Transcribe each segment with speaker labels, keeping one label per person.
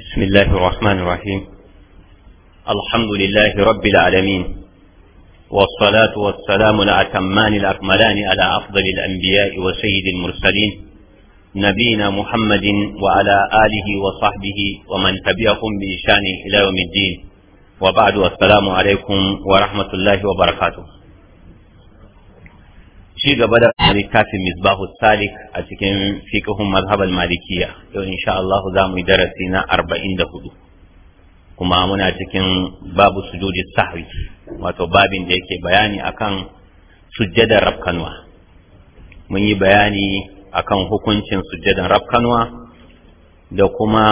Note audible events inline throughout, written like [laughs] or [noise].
Speaker 1: بسم الله الرحمن الرحيم الحمد لله رب العالمين والصلاة والسلام الأتمان الأكملان على أفضل الأنبياء وسيد المرسلين نبينا محمد وعلى آله وصحبه ومن تبعهم بإشان إلى يوم الدين وبعد السلام عليكم ورحمة الله وبركاته ci gaba da littafin misbahu salik a cikin fiqhun mazhabal malikiya yau insha Allah za mu yi darasi na arba'in da hudu, kuma muna cikin babu sujudi sahwi wato babin da yake bayani akan sujjadar rafkanwa mun yi bayani akan hukuncin sujjadar rafkanwa da kuma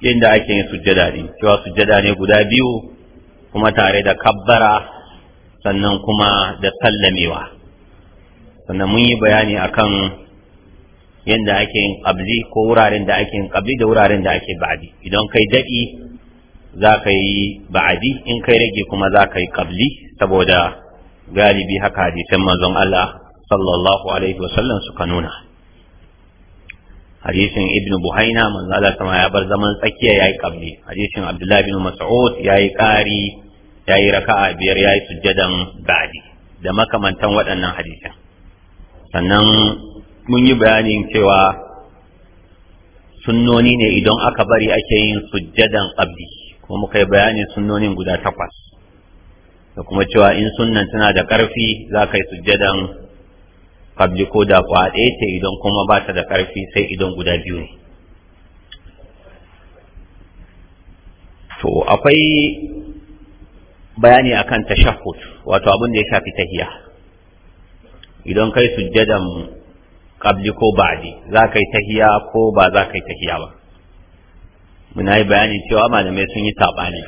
Speaker 1: inda ake yin sujjada ne cewa sujjada ne guda biyu kuma tare da kabbara sannan kuma da sallamewa sannan mun yi bayani a kan yadda ake yin ƙabzi ko wuraren da ake yin ƙabzi da wuraren da ake baadi idan kai daɗi za ka yi ba'adi in kai rage kuma za ka yi ƙabzi saboda galibi haka hadisan manzon Allah sallallahu alaihi wasallam suka nuna hadisin ibnu buhaina manzo Allah sama ya bar zaman tsakiya yayi ƙabli hadisin abdullahi bin mas'ud yayi ƙari yayi raka'a biyar yayi sujjadan baadi da makamantan waɗannan hadisan sannan mun yi bayanin cewa sunnoni ne idan aka bari ake yin sujjadan qabli kuma muka yi bayanin sunnonin guda takwas da kuma cewa in sunnan tana da ƙarfi za ka yi sujjadan qabli ko da kwa ɗaya ce idan kuma ba ta da ƙarfi sai idan guda biyu ne to akwai bayani akan tashahhud wato abin da ya shafi tahiya idan kai sujjadan qabli ko ba'di za ka yi tahiya ko ba za ka yi tahiya ba muna yi bayani cewa malamai sun yi saɓani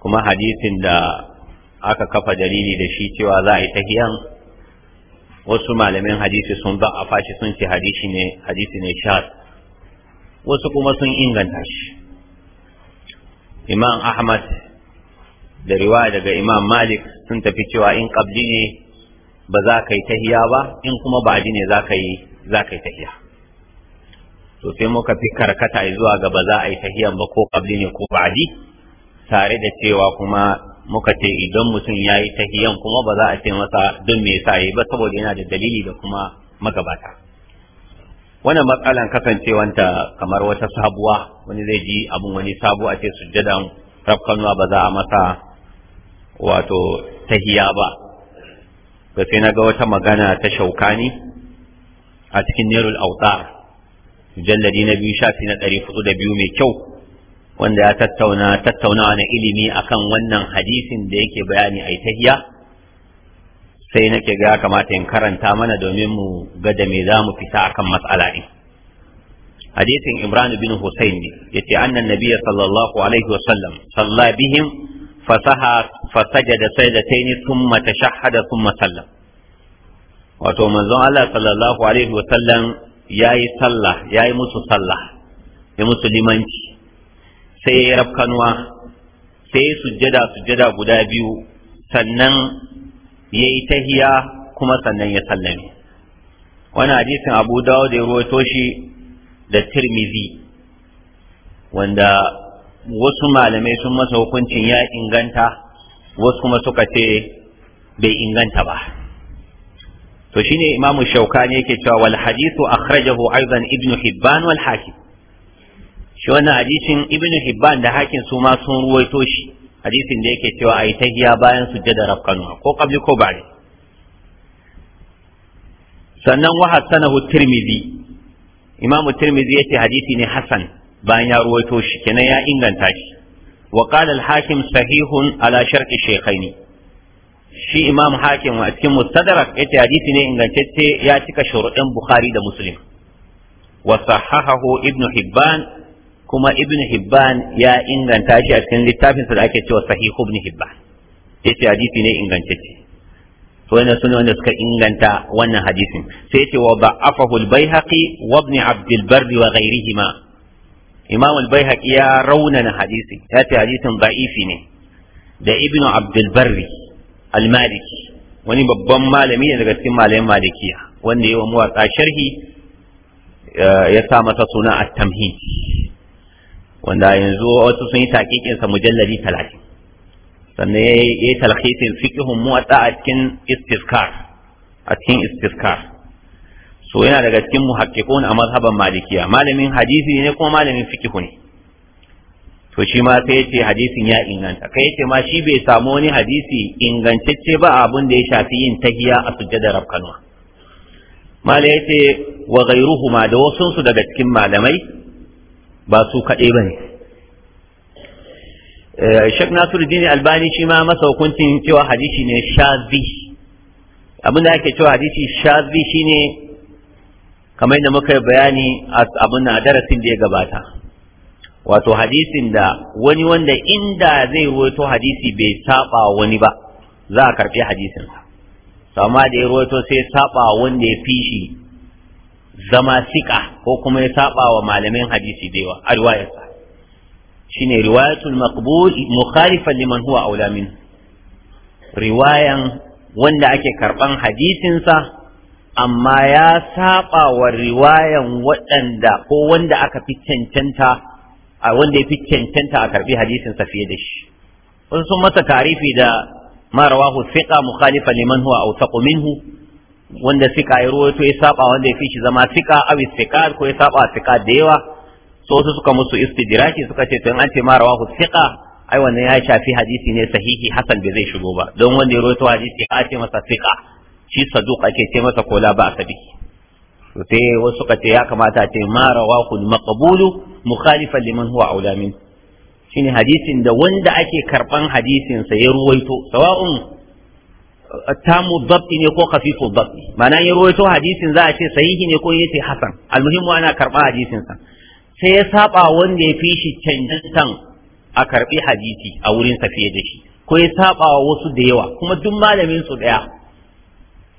Speaker 1: kuma hadisin da aka kafa dalili da shi cewa za a yi tahiyan wasu malamin hadisi sun ba a fashi sun ce hadisi ne hadisi ne shar wasu kuma sun inganta shi imam ahmad da riwaya daga imam malik sun tafi cewa in qabli ne ba za ka yi tahiya ba in kuma ba ne za ka yi tahiya to sai muka fi karkata zuwa ga ba za a yi tahiya ba ko kabli ne ko ji tare da cewa kuma muka ce idan mutum ya yi tahiyan kuma ba za a ce masa don me sa yi ba saboda yana da dalili da kuma magabata wannan matsalan kasancewanta kamar wata sabuwa wani zai ji abin wani sabuwa a ce sujjadan rafkanuwa ba za a masa wato tahiya ba to sai na ga wata magana ta shauka ne a cikin nerul autar mujalladi na biyu shafi na ɗari hudu da biyu mai kyau wanda ya tattauna tattaunawa na ilimi akan wannan hadisin da yake bayani a tahiya sai nake ga kamata in karanta mana domin mu ga da me za mu fita akan matsala ne. hadisin imran bin husayn ne yace annan nabiyya sallallahu alaihi wasallam salla bihim fasaha fasajada sajdataini thumma tashahhada thumma sallam wato manzon Allah sallallahu alaihi wa sallam yayi sallah yayi musu sallah ya musu limanci sai ya rafkanuwa sai ya sujjada sujjada guda biyu sannan ya yi tahiya kuma sannan ya sallame wani hadisin abu da ya ruwaito shi da tirmizi wanda wasu malamai sun masa hukuncin ya inganta wasu kuma suka ce bai inganta ba to shine imamu shaukani yake cewa wal hadithu akhrajahu aidan ibnu hibban wal hakim shi wannan hadisin ibnu hibban da hakim su ma sun ruwaito shi hadisin da yake cewa ayi tahiya bayan sujjada rafkanu ko qabli ko ba'di sannan wa hasanahu tirmidhi imamu tirmidhi yace hadisi ne hasan bayan ya ruwaito shi kenan ya inganta shi wa qala al-hakim sahihun ala sharqi shaykhaini shi imam hakim a cikin mustadrak yace hadisi ne ingantacce ya cika shuruɗin bukhari da muslim wa sahahahu ibnu hibban kuma ibnu hibban ya inganta shi a cikin littafinsa da ake cewa sahihu ibnu hibban yace hadisi ne ingantacce to yana sune wanda suka inganta wannan hadisin sai yace wa ba'afahu al-baihaqi wa ibn abd al wa ghayrihima Imamul al-baihaqi ya raunana hadisi ya ce hadisin da'ifi ne da ibnu abdul barri al-maliki wani babban malami ne daga cikin malamin malikiya wanda yayi wa muwatsa sharhi ya sa masa suna a tamhid wanda yanzu wasu sun yi takikin sa mujalladi 30 sannan yayi talhisin fiqhun muwatsa a a cikin istiskar so yana daga cikin muhaqqiqun a mazhaban malikiya malamin hadisi ne kuma malamin fiqh ne to shi ma sai yace hadisin ya inganta kai yace ma shi bai samu wani hadisi ingantacce ba abin da ya shafi yin tahiya a sujjada rabkanwa mala yace wa ghayruhuma da wasu su daga cikin malamai ba su kaɗai bane eh, shek Nasiruddin Albani shi ma masa hukuncin cewa hadisi ne shazi abin da ake cewa hadisi shazi shine kamar yadda muka yi bayani a abin na darasin da ya gabata wato hadisin da wani wanda inda zai ruwaito hadisi bai saba wani ba za a karbi hadisin sa amma da ya ruwaito sai saba wanda ya fi shi zama sika ko kuma ya saba wa malamin hadisi da yawa a riwayarsa shine riwayatul maqbul mukhalifan liman huwa aula riwayan wanda ake karban hadisinsa. amma ya saba wa riwayan waɗanda ko wanda aka fi cancanta a wanda ya fi cancanta a karbi hadisin sa fiye da shi wasu sun masa tarifi da marawahu fiƙa mu mukhalifa liman huwa awsaqu minhu wanda thiqa ya ruwaito ya saba wanda ya fi shi zama a aw thiqa ko ya saba thiqa da yawa so su suka musu istidraki suka ce to an ce marawahu rawahu thiqa ai wannan ya shafi hadisi ne sahihi Hassan bai zai shigo ba don wanda ya ruwaito hadisi ya ce masa fiƙa. shi saduq ake ce masa kola la ba asabi to sai wasu suka ce ya kamata ce ma rawahu maqbulu mukhalifan liman huwa aula min shine hadisin da wanda ake karban hadisin sa ya ruwaito sawa'un uh, tamu dabti ne ko khafifu dabti mana ya ruwaito hadisin za a ce sahihi ne ko yace hasan almuhimmu ana karba hadisin sa sai ya saba wanda ya fi shi canjantan a karbi hadisi a wurin sa fiye da shi ko ya saba wasu da yawa kuma duk malamin su daya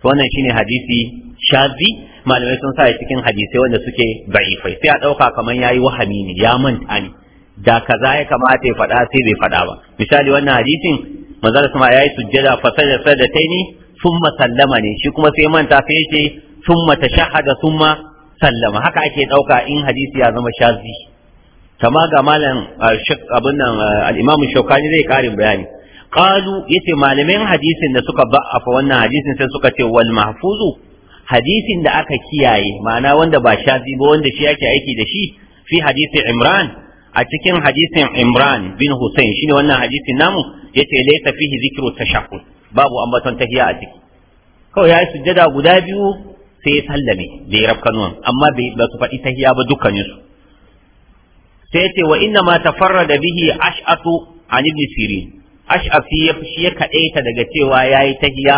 Speaker 1: to wannan shine hadisi shazi malamai sun sa cikin hadisai wanda suke da'ifai sai a ɗauka kamar yayi wahami ne ya manta ne da kaza ya kamata ya faɗa sai bai faɗa ba misali wannan hadisin manzal sama yayi sujjada fa sajada ni thumma sallama ne shi kuma sai manta sai yace thumma tashahhada thumma sallama haka ake ɗauka in hadisi ya zama shazi kama ga malam ah, abin nan ah, al-imamu shaukani zai karin bayani qalu yace malamin hadisin da suka fa wannan hadisin sai suka ce wal mahfuzu hadisin da aka kiyaye ma'ana wanda ba shafi ba wanda shi yake aiki da shi fi hadisi imran a cikin hadisin imran bin Husayn shine wannan hadisin namu yace laysa fihi zikru tashahhud babu batun tahiya a ciki kawai ya yi sujjada guda biyu sai ya sallame da ya rabka nuwan amma ba su faɗi tahiya ba dukkaninsu sai ce wa inna ma tafarra da bihi ash'atu an ibn sirin ash'afi ya shi ya kaɗaita daga cewa ya yi ta hiya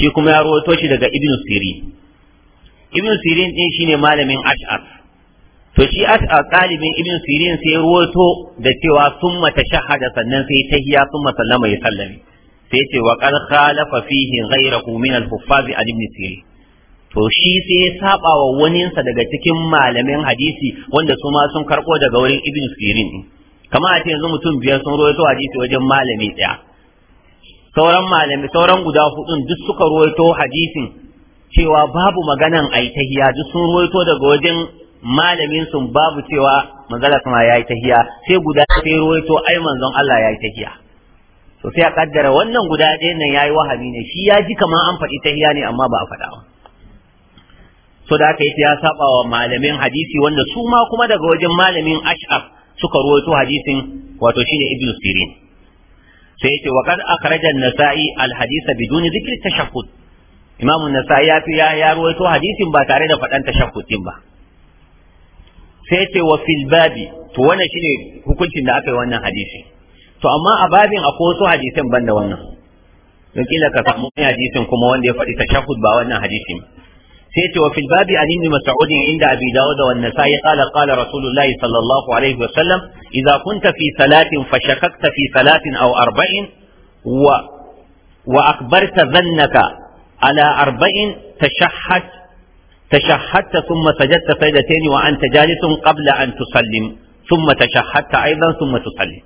Speaker 1: shi kuma ya rawaito shi daga ibn sirin ibn sirin din shine malamin ash'af to shi ash'af talibin ibn sirin sai ya rawaito da cewa sun summa tashahhada sannan sai ta hiya sun mata sallama ya sallame sai ce wa qad khalafa fihi ghayrahu min al-huffaz an ibn sirin to shi sai ya saba wa waninsa daga cikin malamin hadisi wanda su ma sun karɓo daga wurin ibn sirin kamar a ce yanzu mutum biyar sun rawaito hadisi wajen malami ɗaya sauran malami sauran guda hudun duk suka rawaito hadisin cewa babu maganan ai tahiya duk sun rawaito daga wajen malamin sun babu cewa magana kuma yayi tahiya sai guda sai rawaito ai manzon Allah yayi tahiya to sai a kaddara wannan guda ɗayan nan yayi wahami ne shi ya ji kamar an faɗi tahiya ne amma ba a faɗa ba so da aka yi ya saba wa malamin hadisi wanda su ma kuma daga wajen malamin ash'ab suka ruwaito hadisin wato shine ibnu sirin sai yace wa qad akhraja an-nasa'i al-hadith bidun dhikr tashaqqut imam an-nasa'i ya fi ya ruwaito hadisin ba tare da fadan tashaqqutin ba sai yace wa fil babi to wannan shine hukuncin da aka yi wannan hadisi to amma a babin akwai wasu hadisan banda wannan don kila ka samu hadisin kuma wanda ya faɗi tashahhud ba wannan hadisin ba سيتي وفي الباب عن ابن مسعود عند أبي داود والنسائي قال قال رسول الله صلى الله عليه وسلم إذا كنت في صلاة فشككت في صلاة أو أربع و وأخبرت ظنك على أربع تشحت تشحت ثم سجدت سجدتين وأنت جالس قبل أن تسلم ثم تشحت أيضا ثم تسلم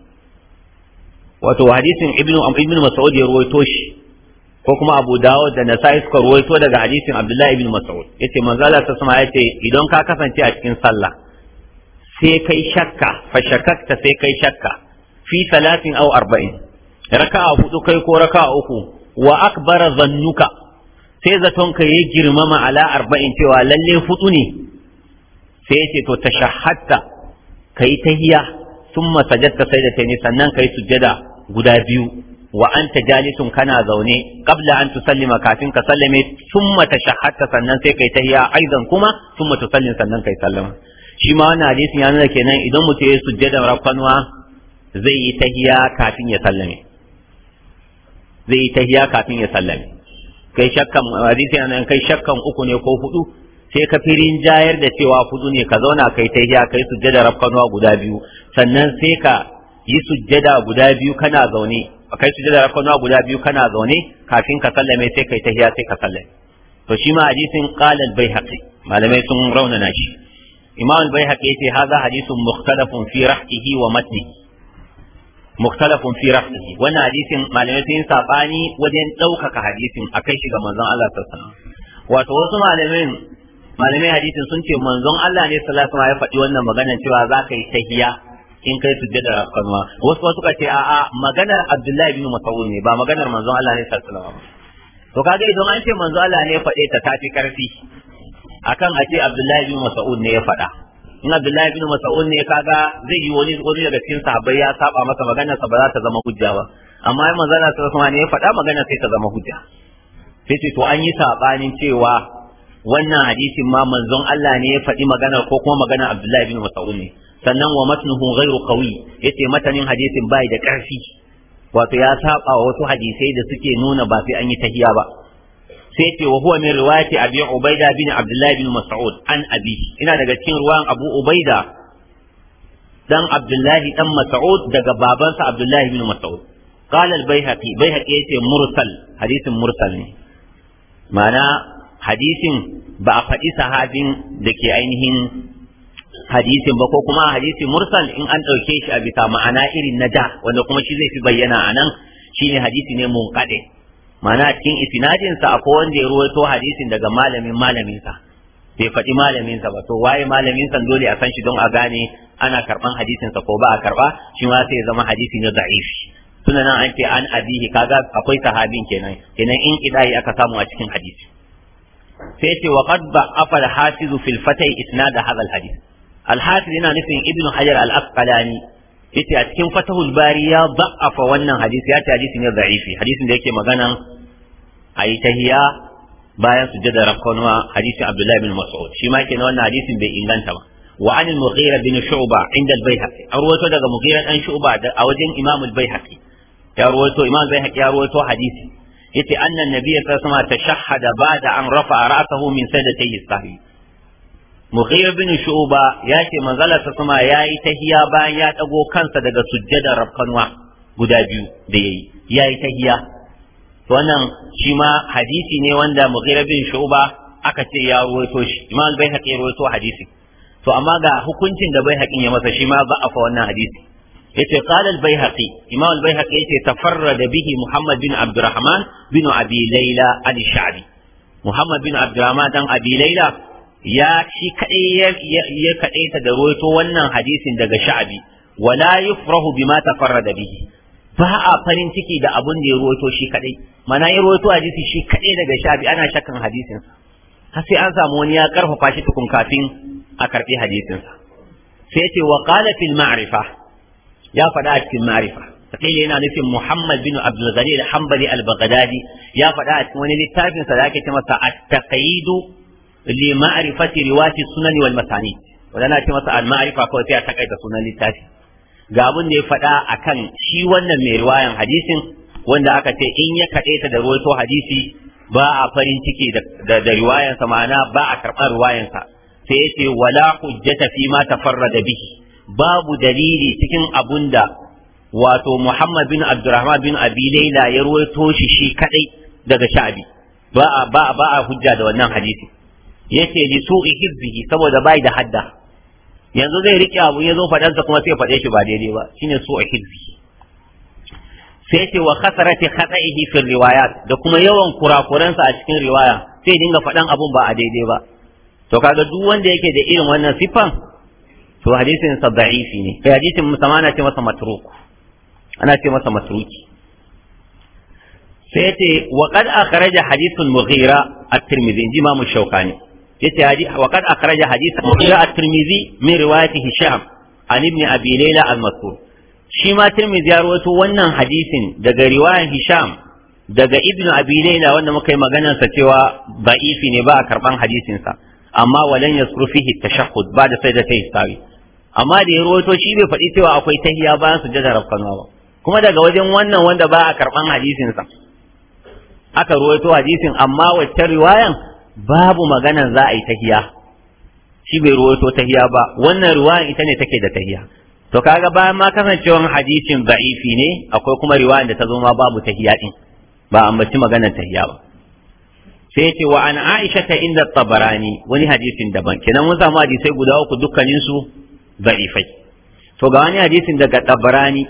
Speaker 1: وتو حديث ابن ابن مسعود يروي توشي ko kuma Abu Dawud da Nasa'i suka ruwaito daga hadisin Abdullahi ibn Mas'ud yace manzo Allah ta sama yace idan ka kasance a cikin sallah sai kai shakka fa shakakta sai kai shakka fi talatin aw arba'in raka'a hudu kai ko raka'a uku wa akbara zannuka sai zaton ka yi girmama ala arba'in cewa lalle hudu ne sai yace to tashahhadta kai tahiyya thumma sajadta sai da sannan kai sujjada guda biyu wa anta jalisun kana zaune qabla an tusallima kafin ka sallame thumma tashahhadta sannan sai kai hiya aidan kuma thumma sallin sannan kai sallama shi ma wannan hadisin ya nuna kenan idan mutum ya sujjada rakkanwa zai yi hiya kafin ya sallame zai yi tahiya kafin ya sallame kai shakkan hadisi yana kai shakkan uku ne ko hudu sai ka firin jayar da cewa hudu ne ka zauna kai tahiya kai sujjada rakkanwa guda biyu sannan sai ka yi sujjada guda biyu kana zaune A kai su sujada rakona guda biyu kana zaune kafin ka sallame sai kai tahiya sai ka sallame to shi ma hadisin qala al malamai sun raunana shi imam al-baihaqi yace hadha hadisun mukhtalafun fi rahqihi wa matnihi mukhtalafun fi rahqihi wannan hadisin malamai sun sabani wajen daukaka hadisin akai shi ga manzon Allah sallallahu alaihi wasallam wato wasu malamai malamai hadisin sun ce manzon Allah ne sallallahu alaihi wasallam ya faɗi wannan magana cewa za ka yi tahiya in kai da kanwa wasu wasu ka ce a'a maganar Abdullahi bin Mas'ud ne ba maganar manzon Allah ne sallallahu alaihi wasallam to kaga idan an ce manzon Allah ne faɗe ta tafi karfi akan a ce Abdullahi bin Mas'ud ne ya faɗa in Abdullahi bin Mas'ud ne kaga zai yi wani wani daga cikin sahabbai ya saba masa maganar sa ba za ta zama hujja ba amma in manzon Allah sallallahu alaihi ne ya faɗa maganar sai ta zama hujja sai ce to an yi sabanin cewa wannan hadisin ma manzon Allah ne ya faɗi maganar ko kuma maganar Abdullahi bin Mas'ud ne sannan wa matnuhu ghairu qawi yace matanin hadisin bai da ƙarfi wato ya saba wa wasu hadisai da suke nuna ba sai an yi tahiya ba sai yace wa huwa min riwayati abi ubaida bin abdullah bin mas'ud an abi ina daga cikin ruwan abu ubaida dan abdullah dan mas'ud daga babansa abdullah bin mas'ud قال البيهقي بيهقي يتي مرسل حديث مرسل معنى hadisin ba a faɗi sahabin da ke ainihin hadisin ba ko kuma hadisi mursal in an ɗauke shi a bisa ma'ana irin na da wanda kuma shi zai fi bayyana a nan ne hadisi ne kaɗe. ma'ana cikin isnadinsa akwai wanda ya ruwaito hadisin daga malamin malaminsa bai faɗi malaminsa ba to waye malaminsa dole a san shi don a gane ana karɓan hadisinsa ko ba a karɓa shi ma sai ya zama hadisi ne da'ifi tunda nan an ce an abihi kaga akwai sahabin kenan kenan in idai aka samu a cikin hadisi sai ce wa qad ba'afa al-hafiz fil fatay isnad hadha al-hadith alhafiz yana nufin ibn hajar al-asqalani yace a cikin fatahul bari ya da'afa wannan hadisi ya ce hadisi ne Hadisi hadisin da yake magana ayi tahiya bayan sujjada rakkanwa hadisi abdullahi ibn mas'ud shi ma kenan wannan hadisin bai inganta ba wa an al-mughira bin shu'ba inda al-baihaqi arwato daga mughira dan shu'ba a wajen imam al-baihaqi ya arwato imam al-baihaqi ya arwato hadisi yace anna ta sallallahu alaihi wasallam tashahhada ba'da an rafa'a da min yi sahih mughir bin shu'ba ya ce manzala ta sama ya yi tahiya bayan ya ɗago kansa daga sujjada rafkanwa guda biyu da ya yi ya yi tahiya wannan shi ma hadisi ne wanda mughir bin shu'ba aka ce ya ruwaito shi imam bai haƙi ruwaito hadisi to amma ga hukuncin da bai haƙin ya masa shi ma za a fa wannan hadisi yace qala al-baihaqi imam al-baihaqi yace tafarrada bihi muhammad bin abdurrahman bin abi layla al muhammad bin abdurrahman dan Abilaila. ya shi kadai ya kadai ta da roito wannan hadisin daga sha'abi wala yufrahu bima tafarrada bihi ba a farin ciki da abun da ya roito shi kadai mana ya roito hadisi shi kadai daga sha'abi ana shakkan hadisin har sai an samu wani ya karfafa shi tukun kafin a karbi hadisin sai ce wa qala fil ma'rifa ya faɗa a cikin ma'rifa sai yana nufin Muhammad bin Abdul Ghani al-Hanbali al-Baghdadi ya faɗa a cikin wani littafin sa da ake ce masa At-Taqayyidu li ma'rifati riwati sunan wal masani wadana ce masa al ma'rifa kawai sai a takaita sunan littafi ga abun da ya faɗa akan shi wannan mai riwayan hadisin wanda aka ce in ya ta da ruwaito hadisi ba a farin ciki da da riwayansa ma'ana ba a karɓar riwayansa sai ya ce wala hujjata fi ma tafarrada bihi babu dalili cikin abunda wato Muhammad bin Abdurrahman bin Abi Laila ya ruwaito shi shi kadai daga Sha'bi ba a ba a hujja da wannan hadisi yace bi su'i hizbihi saboda bai da hadda yanzu zai rike abu ya zo fadansa kuma sai faɗe shi ba daidai ba shine su'i hizbi sai ce wa khasarati khata'ihi fi riwayat da kuma yawan kurakuransa a cikin riwaya sai dinga faɗan abun ba a daidai ba to kaga duk wanda yake da irin wannan sifan to hadisin sa da'ifi ne kai hadisin musamman ana ce masa matruk ana ce masa matruki sai ce wa qad akhraja hadithun mughira at-tirmidhi imam shaukani yace hadi wa kad akhraja hadith Mughira at-Tirmidhi min riwayati Hisham an ibn Abi Layla al-Mazkur shi ma Tirmidhi ya rawaito wannan hadisin daga riwayan Hisham daga ibn Abi Layla wanda muka yi maganar sa cewa da'ifi ne ba a karban hadisin sa amma walan yasru fihi tashahhud ba da sai da sawi amma da ya rawaito shi bai faɗi cewa akwai tahiya bayan sujjada rafkanwa ba kuma daga wajen wannan wanda ba a karban hadisin sa aka rawaito hadisin amma wacce riwayan babu maganan za a yi tahiya shi bai ruwaito tahiya ba wannan ruwa ita ne take da tahiya to kaga bayan ma kasancewan hadisin ba'ifi ne akwai kuma riwaya da ta zo ma babu tahiya din ba ambaci maganar tahiya ba sai ce wa an aisha ta inda tabarani wani hadisin daban kenan mun samu hadisai guda uku dukkanin su ba'ifai to ga wani hadisin daga tabarani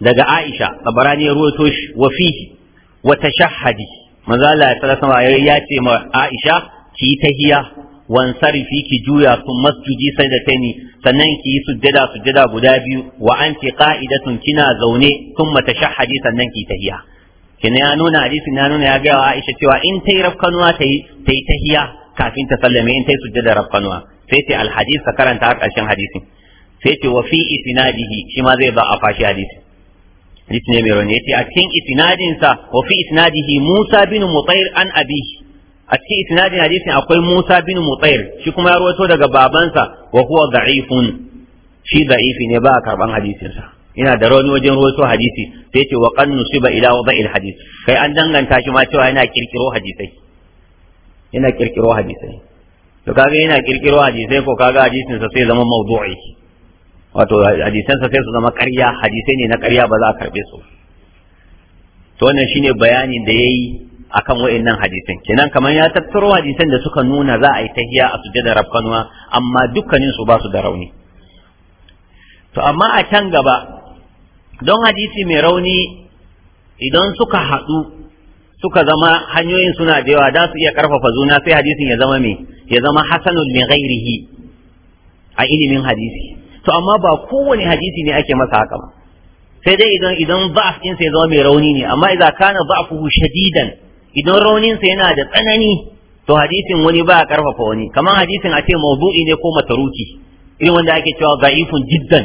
Speaker 1: daga aisha tabarani ya ruwaito shi wa fihi wa tashahhadi manzo Allah ya sama ya ce ma Aisha ki tahiya wan sarifi ki juya sun masjidi sai da tani sannan ki yi sujjada sujjada guda biyu wa anti qa'idatun kina zaune thumma tashahhadi sannan ki tahiya kina ya nuna hadisi ya nuna ya ga wa Aisha cewa in tai rafkanuwa tayi tayi tahiya kafin ta sallame in tayi sujjada rafkanuwa sai ta alhadis ka karanta har ƙarshen hadisin sai ce wa fi isnadihi shi ma zai ba a fashi hadisi litinin mai rauni yace a cikin isnadinsa wa fi Musa bin Mutair an abi a cikin isnadin hadisin akwai Musa bin Mutair shi kuma ya rawaito daga babansa wa huwa da'ifun shi da'ifi ne ba karban hadisinsa ina da rauni wajen rawaito hadisi sai ce wa qad nusiba ila wada'il hadis kai an danganta shi ma cewa yana kirkiro hadisai yana kirkiro hadisai to kaga yana ko kaga sai zama mawdu'i wato hadisansa sai su zama ƙarya hadisai ne na ƙarya ba za a karɓe su to wannan shine bayanin da yayi akan wa'annan hadisan kenan kamar ya tattaro hadisan da suka nuna za a yi tahiya a da rabkanuwa amma dukkanin su ba su da rauni to amma a can gaba don hadisi mai rauni idan suka haɗu suka zama hanyoyin suna da yawa za su iya karfafa zuna sai hadisin ya zama mai ya zama hasanul min ghairihi a ilimin hadisi to amma ba kowane hadisi ne ake masa haka ba sai dai idan idan ba'af din sai zama mai rauni ne amma idan kana ba'fuhu shadidan idan raunin sa yana da tsanani to hadisin wani ba karfafa wani kamar hadisin a ce mawdu'i ne ko mataruki irin wanda ake cewa za'ifun jiddan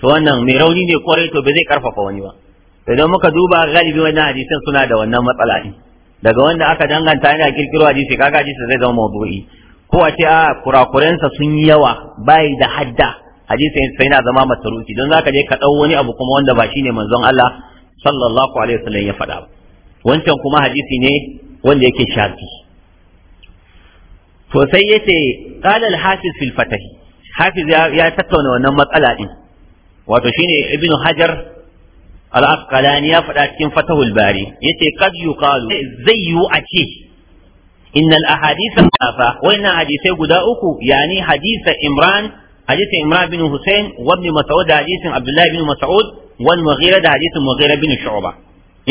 Speaker 1: to wannan mai rauni ne kwarai to ba zai karfafa wani ba idan muka duba galibi wannan hadisin suna da wannan matsala ne daga wanda aka danganta yana kirkiro hadisi kaga hadisi zai zama mawdu'i ko a ce a kurakurensa sun yi yawa bai da hadda hadisin sai na zama masaruki don zaka je ka dau wani abu kuma wanda ba shine manzon Allah sallallahu alaihi wasallam ya faɗa wancan kuma hadisi ne wanda yake shafi to sai yace qala al-hafiz fil fatah hafiz ya tattauna wannan matsala din wato shine ibnu hajar al-asqalani ya faɗa cikin fatahul bari yace qad yuqalu zai yu a ce innal ahadith al-afa wa hadisai guda uku yani hadisa imran hadisin Imran bin Hussein wani ibn da hadisin Abdullahi bin Mas'ud wal Mughira da hadisin Mughira bin Shu'ba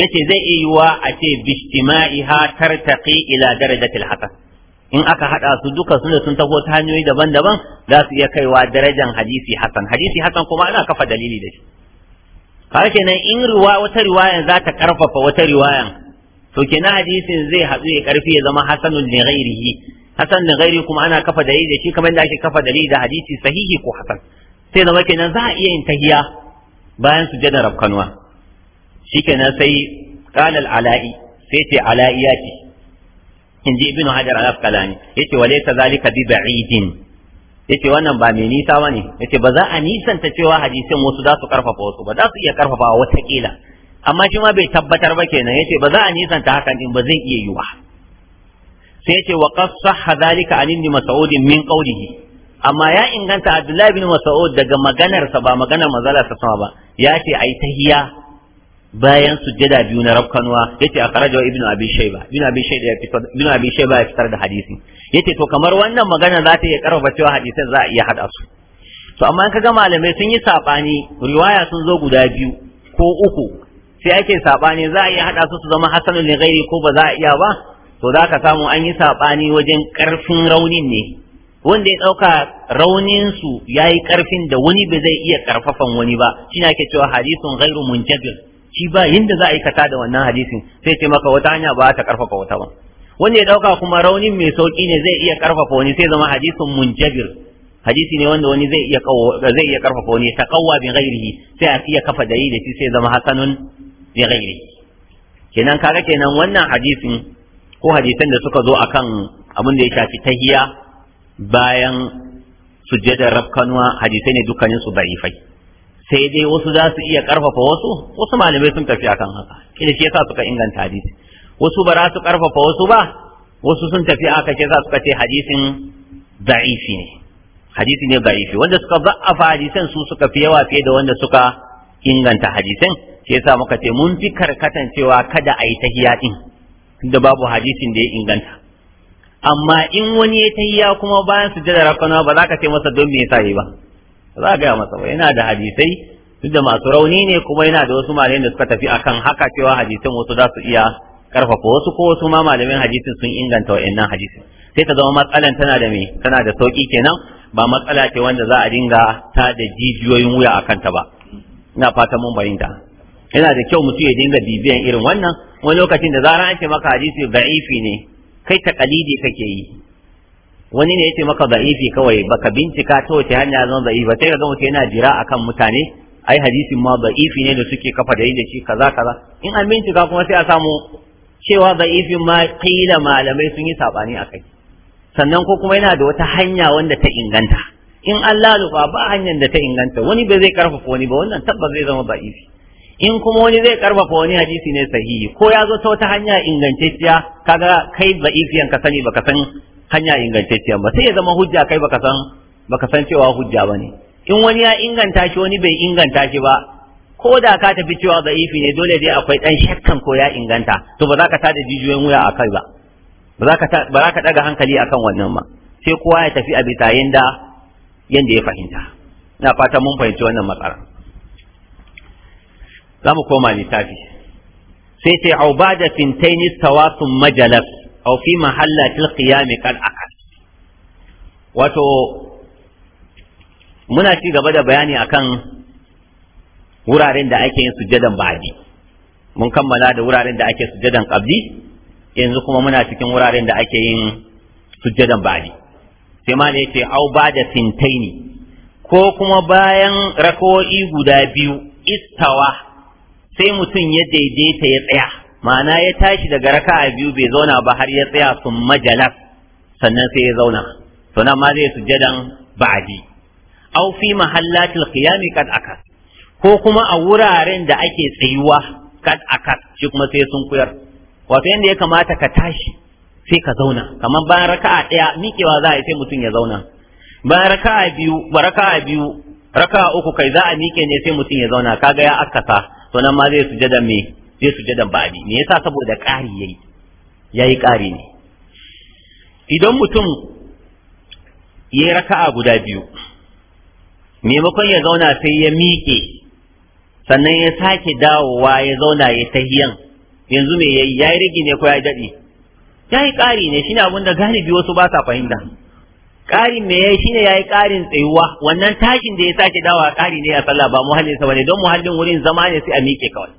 Speaker 1: yace zai iya wa a ce bijtima'iha tartaqi ila darajatil hasan in aka hada su duka suna sun taho ta hanyoyi daban-daban za su iya kaiwa darajan hadisi hasan hadisi hasan kuma ana kafa dalili da shi kare kenan in riwa wata riwaya za ta karfafa wata riwayan to kenan hadisin zai haɗu ya karfi ya zama hasanun li hasan da gairi kuma ana kafa dalili da shi kamar da ake kafa dalili da hadisi sahihi ko hasan sai zama kenan za a iya yin tahiya bayan su sujjadar rabkanuwa shikenan sai qala al-ala'i sai ce Ala'i ya ce. ala'iyati inji ibnu hajar al-asqalani yace walaysa zalika bi ba'idin yace wannan ba mai nisa bane yace ba za a nisanta cewa hadisin wasu za su karfafa wasu ba za su iya karfafa wata kila amma shi ma bai tabbatar ba kenan yace ba za a nisanta hakan din ba zai iya yiwa sai ce wa qad sahha dhalika an ibn mas'ud min qawlihi amma ya inganta abdullahi ibn mas'ud daga maganar sa ba maganar manzala sa sama ba ya ce ai tahiya bayan sujjada biyu na rabkanwa yace akhrajahu ibn abi shayba ibn abi shayba ya fitar ibn abi shayba ya fitar da hadisi yace to kamar wannan magana za ta iya karfafa cewa hadisin za a iya hada su to amma in kaga malamai sun yi sabani riwaya sun zo guda biyu ko uku sai ake sabani za a iya hada su su zama hasanun ne ko ba za a iya ba to za ka samu an yi saɓani wajen ƙarfin raunin ne wanda ya ɗauka rauninsu ya yi ƙarfin da wani ba zai iya ƙarfafan wani ba shi na ake cewa hadisun ghairu munjabir shi ba yadda za a kata da wannan hadisin sai ce maka wata hanya ba ta ƙarfafa wata ba wanda ya ɗauka kuma raunin mai sauƙi ne zai iya ƙarfafa wani sai zama hadisun munjabir hadisi ne wanda wani zai iya zai iya ƙarfafa wani ta ƙawwa bin gairihi sai a iya kafa dalili da shi sai zama hasanun bin gairihi kenan kaga kenan wannan hadisin ko hadisan da suka zo akan abin da ya shafi tahiya bayan sujjadar rafkanuwa hadisai ne dukkanin su barifai sai dai wasu za su iya karfafa wasu wasu malamai sun tafi akan haka kila shi yasa suka inganta hadisi wasu ba za su karfafa wasu ba wasu sun tafi aka ce za suka ce hadisin da'ifi ne hadisi ne da'ifi wanda suka za'afa hadisan su suka fi yawa fiye da wanda suka inganta hadisan shi yasa muka ce mun fi karkatan cewa kada a yi tahiya din da babu hadisin da ya inganta amma in wani ya ya kuma bayan sujjada rabbana ba za ka ce masa don me yasa yi ba za a gaya masa ba yana da hadisai duk da masu rauni ne kuma yana da wasu malamai da suka tafi akan haka cewa hadisin wasu za su iya karfafa wasu ko wasu ma malamin hadisin sun inganta wa'annan hadisin sai ta zama matsalan tana da me tana da sauki kenan ba matsala ce wanda za a dinga ta da jijiyoyin wuya a kanta ba ina fatan mun bayyana yana da kyau mutum ya dinga bibiyan irin wannan wani lokacin da zaran an ce maka hadisi da'ifi ne kai taqalidi kake yi wani ne yace maka da'ifi kawai baka bincika ta wace hanya zan da'ifi sai ka ga mutum yana jira akan mutane ai hadisin ma da'ifi ne da suke kafa da da shi kaza kaza in an bincika kuma sai a samu cewa da'ifin ma qila malamai sun yi sabani akai sannan ko kuma yana da wata hanya wanda ta inganta in Allah lufa ba hanyar da ta inganta wani ba zai karfafa wani ba wannan tabbas zai zama da'ifi in kuma wani zai karfafa wani hadisi ne sahihi ko ya zo ta wata hanya ingantacciya kaga kai ba ifiyan ka sani baka san hanya ingantacciya ba sai ya zama hujja kai baka san baka san cewa hujja bane in wani ya inganta shi wani bai inganta shi ba ko da ka tafi cewa za'ifi ne dole dai akwai dan shakkan ko ya inganta to ba za ka tada jijiyoyin wuya a kai ba ba za ka ba za ka daga hankali akan wannan ba? sai kowa ya tafi a bisa yanda yanda ya fahimta ina fata mun fahimci wannan matsalar za mu koma littafi sai sai au ba da fintaini tawasun majalas au fi mahalla tilkiyami kan akal wato muna ci gaba da bayani akan wuraren da ake yin sujjadan ba'adi mun kammala da wuraren da ake sujjadan qabli yanzu kuma muna cikin wuraren da ake yin sujjadan ba'adi sai ma ne ce au ba da fintaini ko kuma bayan rako'i guda biyu istawa sai mutum ya daidaita ya tsaya ma'ana ya tashi daga a biyu bai zauna ba har ya tsaya sun majalas sannan sai ya zauna to nan ma zai sujjadan ba'adi aw fi mahallatil qiyam kad akas ko kuma a wuraren da ake tsayuwa kad akas shi kuma sai sun kuyar wato yanda ya kamata ka tashi sai ka zauna kamar bayan raka'a ɗaya miƙewa za a yi sai mutum ya zauna bayan raka'a biyu ba raka'a biyu raka'a uku kai za a miƙe ne sai mutum ya zauna kaga ya akasa to nan ma zai sujada me zai sujada ba'di me yasa saboda ƙari yayi yayi ƙari ne idan mutum yi raka'a guda biyu maimakon ya zauna sai ya miƙe sannan ya sake dawowa ya zauna ya tahiyan yanzu me yayi yayi rigi ne ko ya dadi yayi ƙari ne shine abin da galibi wasu ba sa fahimta ƙarin me ne shine yi ƙarin tsayuwa wannan tashin da ya sake dawa ƙari ne a sallah ba muhallinsa ba ne don muhallin wurin zama ne sai a miƙe kawai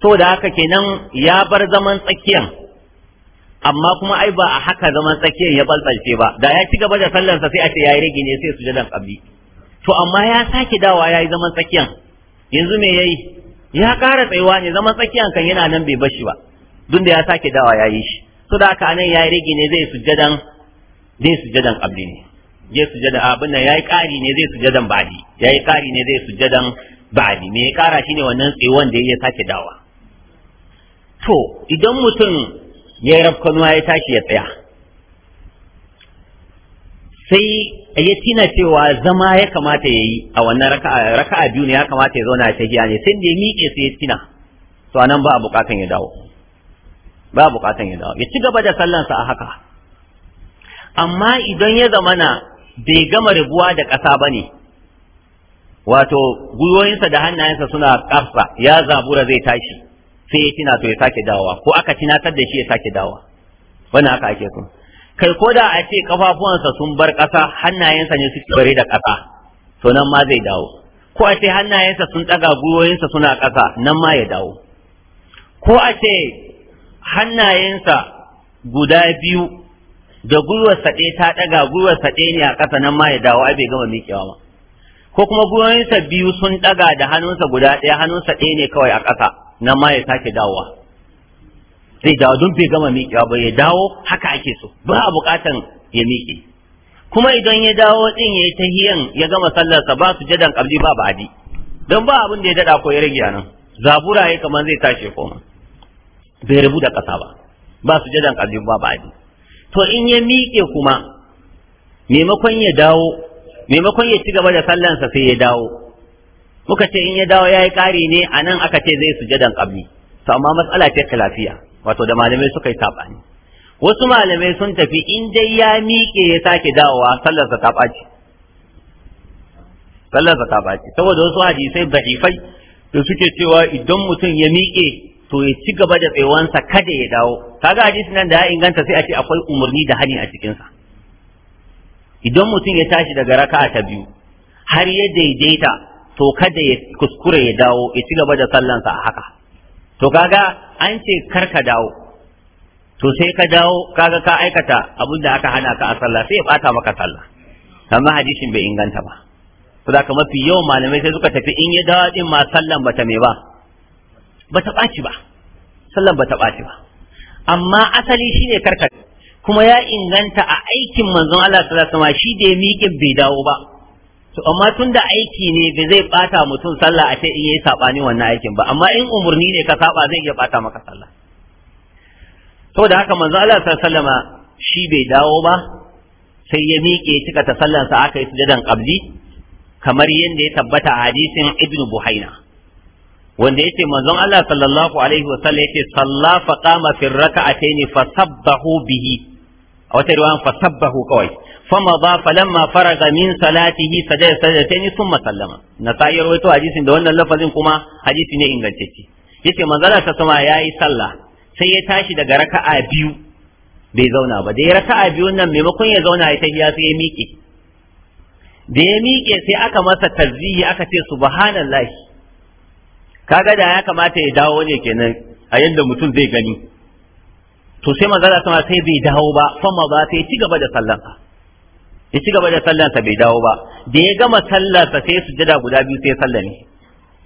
Speaker 1: to da haka kenan ya bar zaman tsakiyan amma kuma ai ba a haka zaman tsakiyan ya balbalce ba da ya ci gaba da sallarsa sai a ce ya yi rage ne sai jadan qabli to amma ya sake dawa ya yi zaman tsakiyan yanzu me ya yi ya ƙara tsayuwa ne zaman tsakiyan kan yana nan bai bashi ba duk da ya sake dawa ya yi shi to da haka anan yi rage ne zai sujjadan zai sujadan abu ne zai sujada abin nan yayi ƙari ne zai sujadan ba'di yayi ƙari ne zai sujadan ba'di me ya ƙara shine wannan tsayuwan da ya sake dawa to idan mutum ya yi rafkanuwa ya tashi ya tsaya sai ya tina cewa zama ya kamata ya yi a wannan raka'a biyu ne ya kamata ya zauna a tahiya ne sai da ya miƙe sai ya tina to anan ba a buƙatan ya dawo ba a buƙatan ya dawo ya ci gaba da sallansa a haka amma idan ya zamana bai gama rabuwa da ƙasa ba ne wato gwiwoyinsa da hannayensa suna ƙarsa ya zabura zai tashi sai ya tina to ya sake dawa ko aka tinatar da shi ya sake dawa wannan haka ake so kai ko da a ce kafafuwansa sun bar ƙasa hannayensa ne suke bare da ƙasa to nan ma zai dawo ko a ce hannayensa sun ɗaga gwiwoyinsa suna ƙasa nan ma ya dawo ko a ce hannayensa guda biyu da gwiwar saɗe ta ɗaga gwiwar saɗe ne a ƙasa nan ma ya dawo ai bai gama miƙewa ba ko kuma gwiwoyinsa biyu sun ɗaga da hannunsa guda ɗaya hannunsa ɗaya ne kawai a ƙasa nan ma ya sake dawowa zai dawo don bai gama miƙewa ba ya dawo haka ake so ba a buƙatan ya miƙe kuma idan ya dawo ɗin ya yi tahiyan ya gama sallarsa ba su jadan ƙabli ba ba'adi don ba abin da ya daɗa ko ya rage nan zabura ya kamar zai tashi koma bai rubu da ƙasa ba ba su jadan ƙabli ba ba'adi to in ya miƙe kuma maimakon ya dawo maimakon ya ci gaba da sallansa sai ya dawo muka ce in ya dawo ya yi ƙari ne a nan aka ce zai dan ƙabli to amma matsala ce lafiya wato da malamai suka yi saɓani wasu malamai sun tafi in dai ya miƙe ya sake dawowa sallarsa ta ɓaci sallarsa ta ɓaci saboda wasu hadisai da'ifai da suke cewa idan mutum ya miƙe to ya ci gaba da tsayuwansa kada ya dawo kaga hadisi nan da ya inganta sai a ce akwai umarni da hani a cikinsa idan mutum ya tashi daga raka'a ta biyu har ya daidaita to kada ya kuskure ya dawo ya ci gaba da sallansa a haka to kaga an ce kar ka dawo to sai ka dawo kaga ka aikata abin da aka hana ka a sallah sai ya bata maka sallah amma hadisin bai inganta ba saboda mafi yawan malamai sai suka tafi in ya dawo din ma sallan bata mai ba ba ta ɓaci ba sallan ba ta ɓaci ba amma asali shine karkar kuma ya inganta a aikin manzon Allah sallallahu alaihi shi da ya miƙe bai dawo ba to amma tunda aiki ne bai zai ɓata mutum sallah a ce in yayi sabani wannan aikin ba amma in umarni ne ka saba zai iya ɓata maka sallah da haka manzon Allah sallallahu alaihi wasallam shi bai dawo ba sai ya miƙe cika ta sallansa aka yi sujadan qabli kamar yadda ya tabbata a hadisin Ibn Buhaina wanda yace manzon Allah sallallahu alaihi wa sallam yace salla fa qama fi rak'atayn fa sabbahu bihi a wata riwayan fa sabbahu kawai fama ba falamma faraga min salatihi sajada sajadatayn thumma sallama na sai rawaito hadisin da wannan lafazin kuma hadisi ne ingantacce yace manzon Allah sallallahu alaihi yayi sallah sai ya tashi daga raka'a biyu bai zauna ba da ya raka'a biyu nan maimakon ya zauna ya tafiya sai ya miƙe da ya miƙe sai aka masa tazzihi aka ce subhanallahi kaga da ya kamata ya dawo ne kenan a yadda mutum zai gani to sai manzo Allah sai bai dawo ba fama ba sai ci gaba da sallansa ya ci gaba da sallansa bai dawo ba da ya gama sallarsa sai su jada guda biyu sai sallame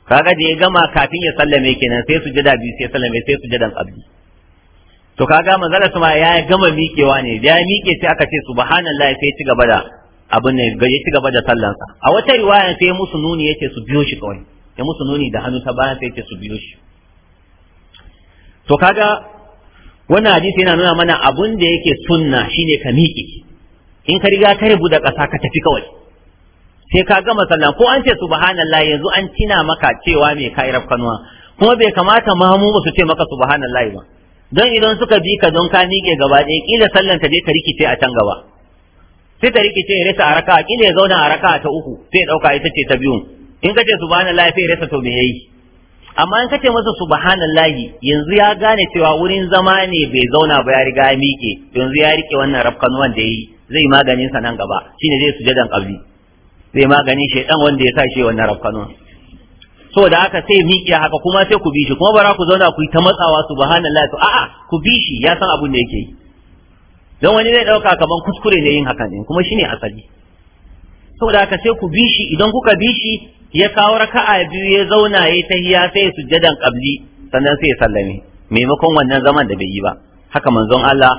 Speaker 1: kaga da ya gama kafin ya sallame kenan sai su jada biyu sai sallame sai su sujadan abdi. to kaga manzo Allah ya gama miƙewa ne da ya miƙe sai aka ce subhanallahi sai ci gaba da abin ne ya ci gaba da sallansa a wata riwaya sai musu nuni yace su biyo shi kawai ya musu nuni da hannu ta bayan sai ce su biyo shi to kaga wannan hadisi yana nuna mana abun da yake sunna shine ka miƙe in ka riga ka rubu da ƙasa ka tafi kawai sai ka gama sallah ko an ce subhanallah yanzu an tina maka cewa me kai kanuwa kuma bai kamata mamu su ce maka subhanallah ba don idan suka bi ka don ka miƙe gaba ɗaya kila sallan ta je ta rikice a can gaba sai ta rikice ya rasa a raka kila ya zauna a ta uku sai ya ɗauka ita ce ta biyun in kace subhanallahi sai rasa to me yayi amma in kace masa subhanallahi yanzu ya gane cewa wurin zama ne bai zauna ba ya riga ya miƙe yanzu ya rike wannan rafkanuwan wanda yayi zai maganin sa nan gaba shine zai sujadan qabli zai maganin shaydan wanda ya sa shi wannan so da haka sai miƙe haka kuma sai ku bi shi kuma bara ku zauna ku yi ta matsawa subhanallahi to a'a ku bi shi ya san abin da yake yi don wani zai dauka kaman kuskure ne yin haka ne kuma shine asali saboda haka sai ku bi shi idan kuka bi shi ya kawo raka'a biyu ya zauna ya tahiyya sai sujjadan qabli sannan sai ya sallame maimakon wannan zaman da bai yi ba haka manzon Allah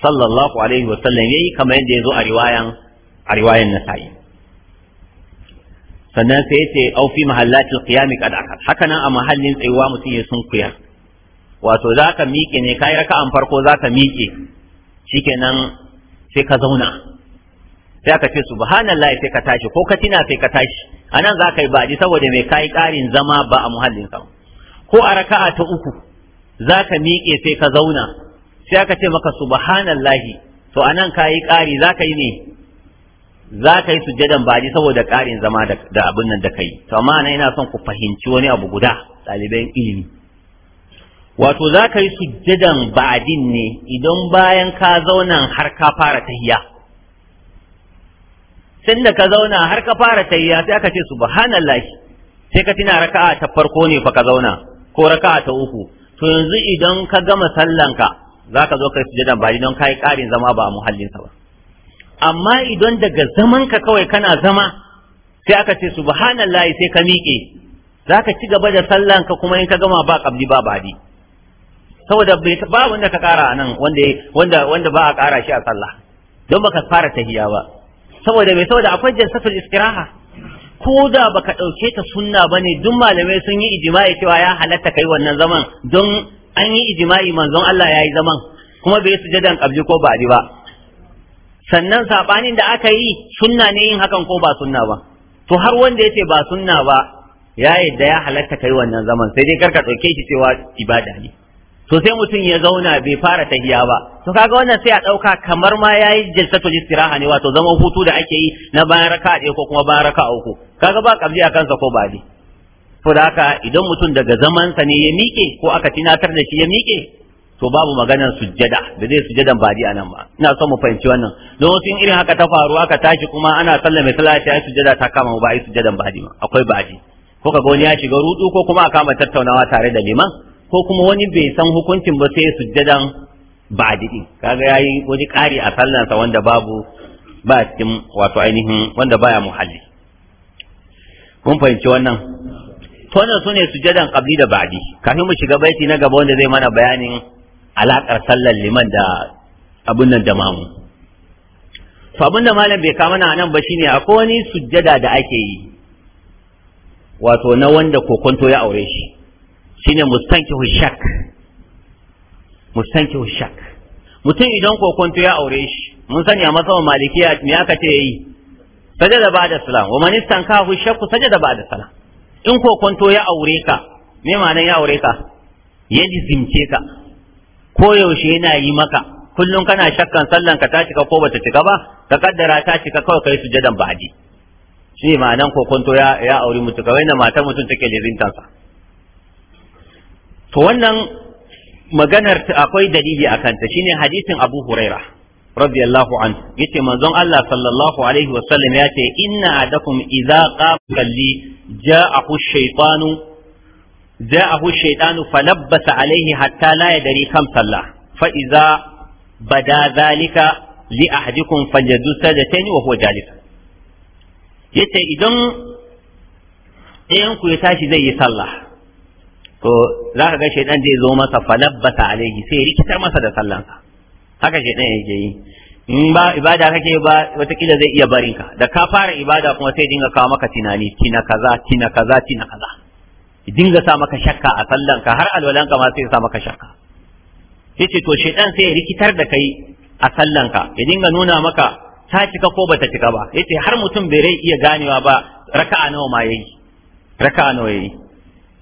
Speaker 1: sallallahu alaihi wa sallam yayi kamar yadda ya zo a riwayan a riwayan Nasa'i sannan sai yace au fi mahallatil qiyam qad akal haka nan a mahallin tsayuwa mutum ya sunkuya wato zaka miƙe ne kai raka'an farko zaka miƙe shikenan sai ka zauna sai ka ce subhanallahi sai ka tashi ko ka tina sai ka tashi anan za ka yi baji saboda mai kayi ƙarin zama ba a muhallin ka, ko a raka'a ta uku za ka miƙe sai ka zauna sai aka ce maka subhanallahi to anan ka yi ƙari za ka yi ne za ka yi sujjadan baji saboda ƙarin zama da abin nan da ka yi to amma ina son ku fahimci wani abu guda ɗaliban ilimi wato za ka yi sujjadan ba'adin ne idan bayan ka zauna har ka fara tahiya sun da ka zauna har ka fara tayya sai aka ce subhanallahi sai ka tuna raka'a ta farko ne fa ka zauna ko raka'a ta uku to yanzu idan ka gama sallanka zaka zo kai sujada ba don kai karin zama ba a muhallinsa ba amma idan daga zamanka kawai kana zama sai aka ce subhanallahi sai ka miƙe zaka ci gaba da sallanka kuma in ka gama ba kabli ba badi saboda ba wanda ka kara nan wanda wanda ba a kara shi a sallah don baka fara tahiya ba saboda mai saboda akwai jalsatul iskiraha, ko da baka ɗauke ta sunna ne duk malamai sun yi ijma'i cewa ya halatta kai wannan zaman don an yi ijima'i manzon Allah ya yi zaman kuma bai su jadan ƙabji ko ba ba sannan saɓanin da aka yi sunna ne yin hakan ko ba sunna ba to har wanda ya ce ba sunna ba ya yadda ya halatta kai wannan zaman sai dai ka ɗauke shi cewa ibada ne to sai mutum ya zauna bai fara tahiya ba to kaga wannan sai a dauka kamar ma yayi jalsatul istiraha ne wato zaman hutu da ake yi na bayan raka ɗaya ko kuma bayan uku kaga ba kabli a kansa ko ba ne to da haka idan mutum daga zamansa ne ya miƙe ko aka tinatar da shi ya miƙe to babu maganar sujjada da zai sujjadan ba a nan ba ina son mu fahimci wannan don wasu in irin haka ta faru aka tashi kuma ana sallame salati ai sujjada ta kama ba ai sujjadan badi ma akwai badi ko kaga wani ya shiga rudu ko kuma a kama tattaunawa tare da liman ko kuma wani bai san hukuncin ba sai sujjadan ba'didi kaga yayi wani ƙari a sallansa wanda babu ba cikin wato ainihin wanda baya muhalli kun fahimci wannan to wannan sune sujjadan qabli da ba'di kafin mu shiga baiti na gaba wanda zai mana bayanin alakar sallar liman da abun nan da mamu to abin da malam bai kama na nan ba shine akwai wani sujjada da ake yi wato na wanda kokonto ya aure shi shine mustankihu shak mustankihu shak mutum idan kokonto ya aure shi mun sani a matsayin malikiya me aka ce yayi sajada bada da salam wa man istankahu shak sajada da bada salam in kokonto ya aure ka me nan ya aure ka ya jizimce ka ko yaushe yana yi maka kullum kana shakkan sallan ka ta cika ko bata cika ba ka kaddara ta cika kawai kai sujadan ba'di shi ma'anan kokonto ya ya aure mutuka wai na matar mutum take lizintansa to wannan maganar akwai dalili a kanta shine hadisin Abu Huraira radiyallahu anhu yace manzon Allah sallallahu alaihi wasallam ya inna adakum idza qaballi ja'ahu shaytanu ja'ahu shaytanu falabbasa alaihi hatta la yadri kam salla fa idza bada zalika li ahadikum faljadu sadatayn wa huwa jalisa yace idan ɗayan ku ya tashi zai yi sallah to za ka ga shaidan zai zo masa falabbata alaihi sai rikitar masa da sallansa haka shaidan ya yi in ba ibada kake ba watakila zai iya barin ka da ka fara ibada kuma sai dinga kawo maka tunani tina kaza tina kaza tina kaza dinga sa maka shakka a sallanka har alwalanka ma sai sa maka shakka yace to shaidan sai rikitar da kai a sallanka ya dinga nuna maka ta cika ko bata cika ba yace har mutum bai rai iya ganewa ba raka'a nawa ma yayi raka'a nawa yayi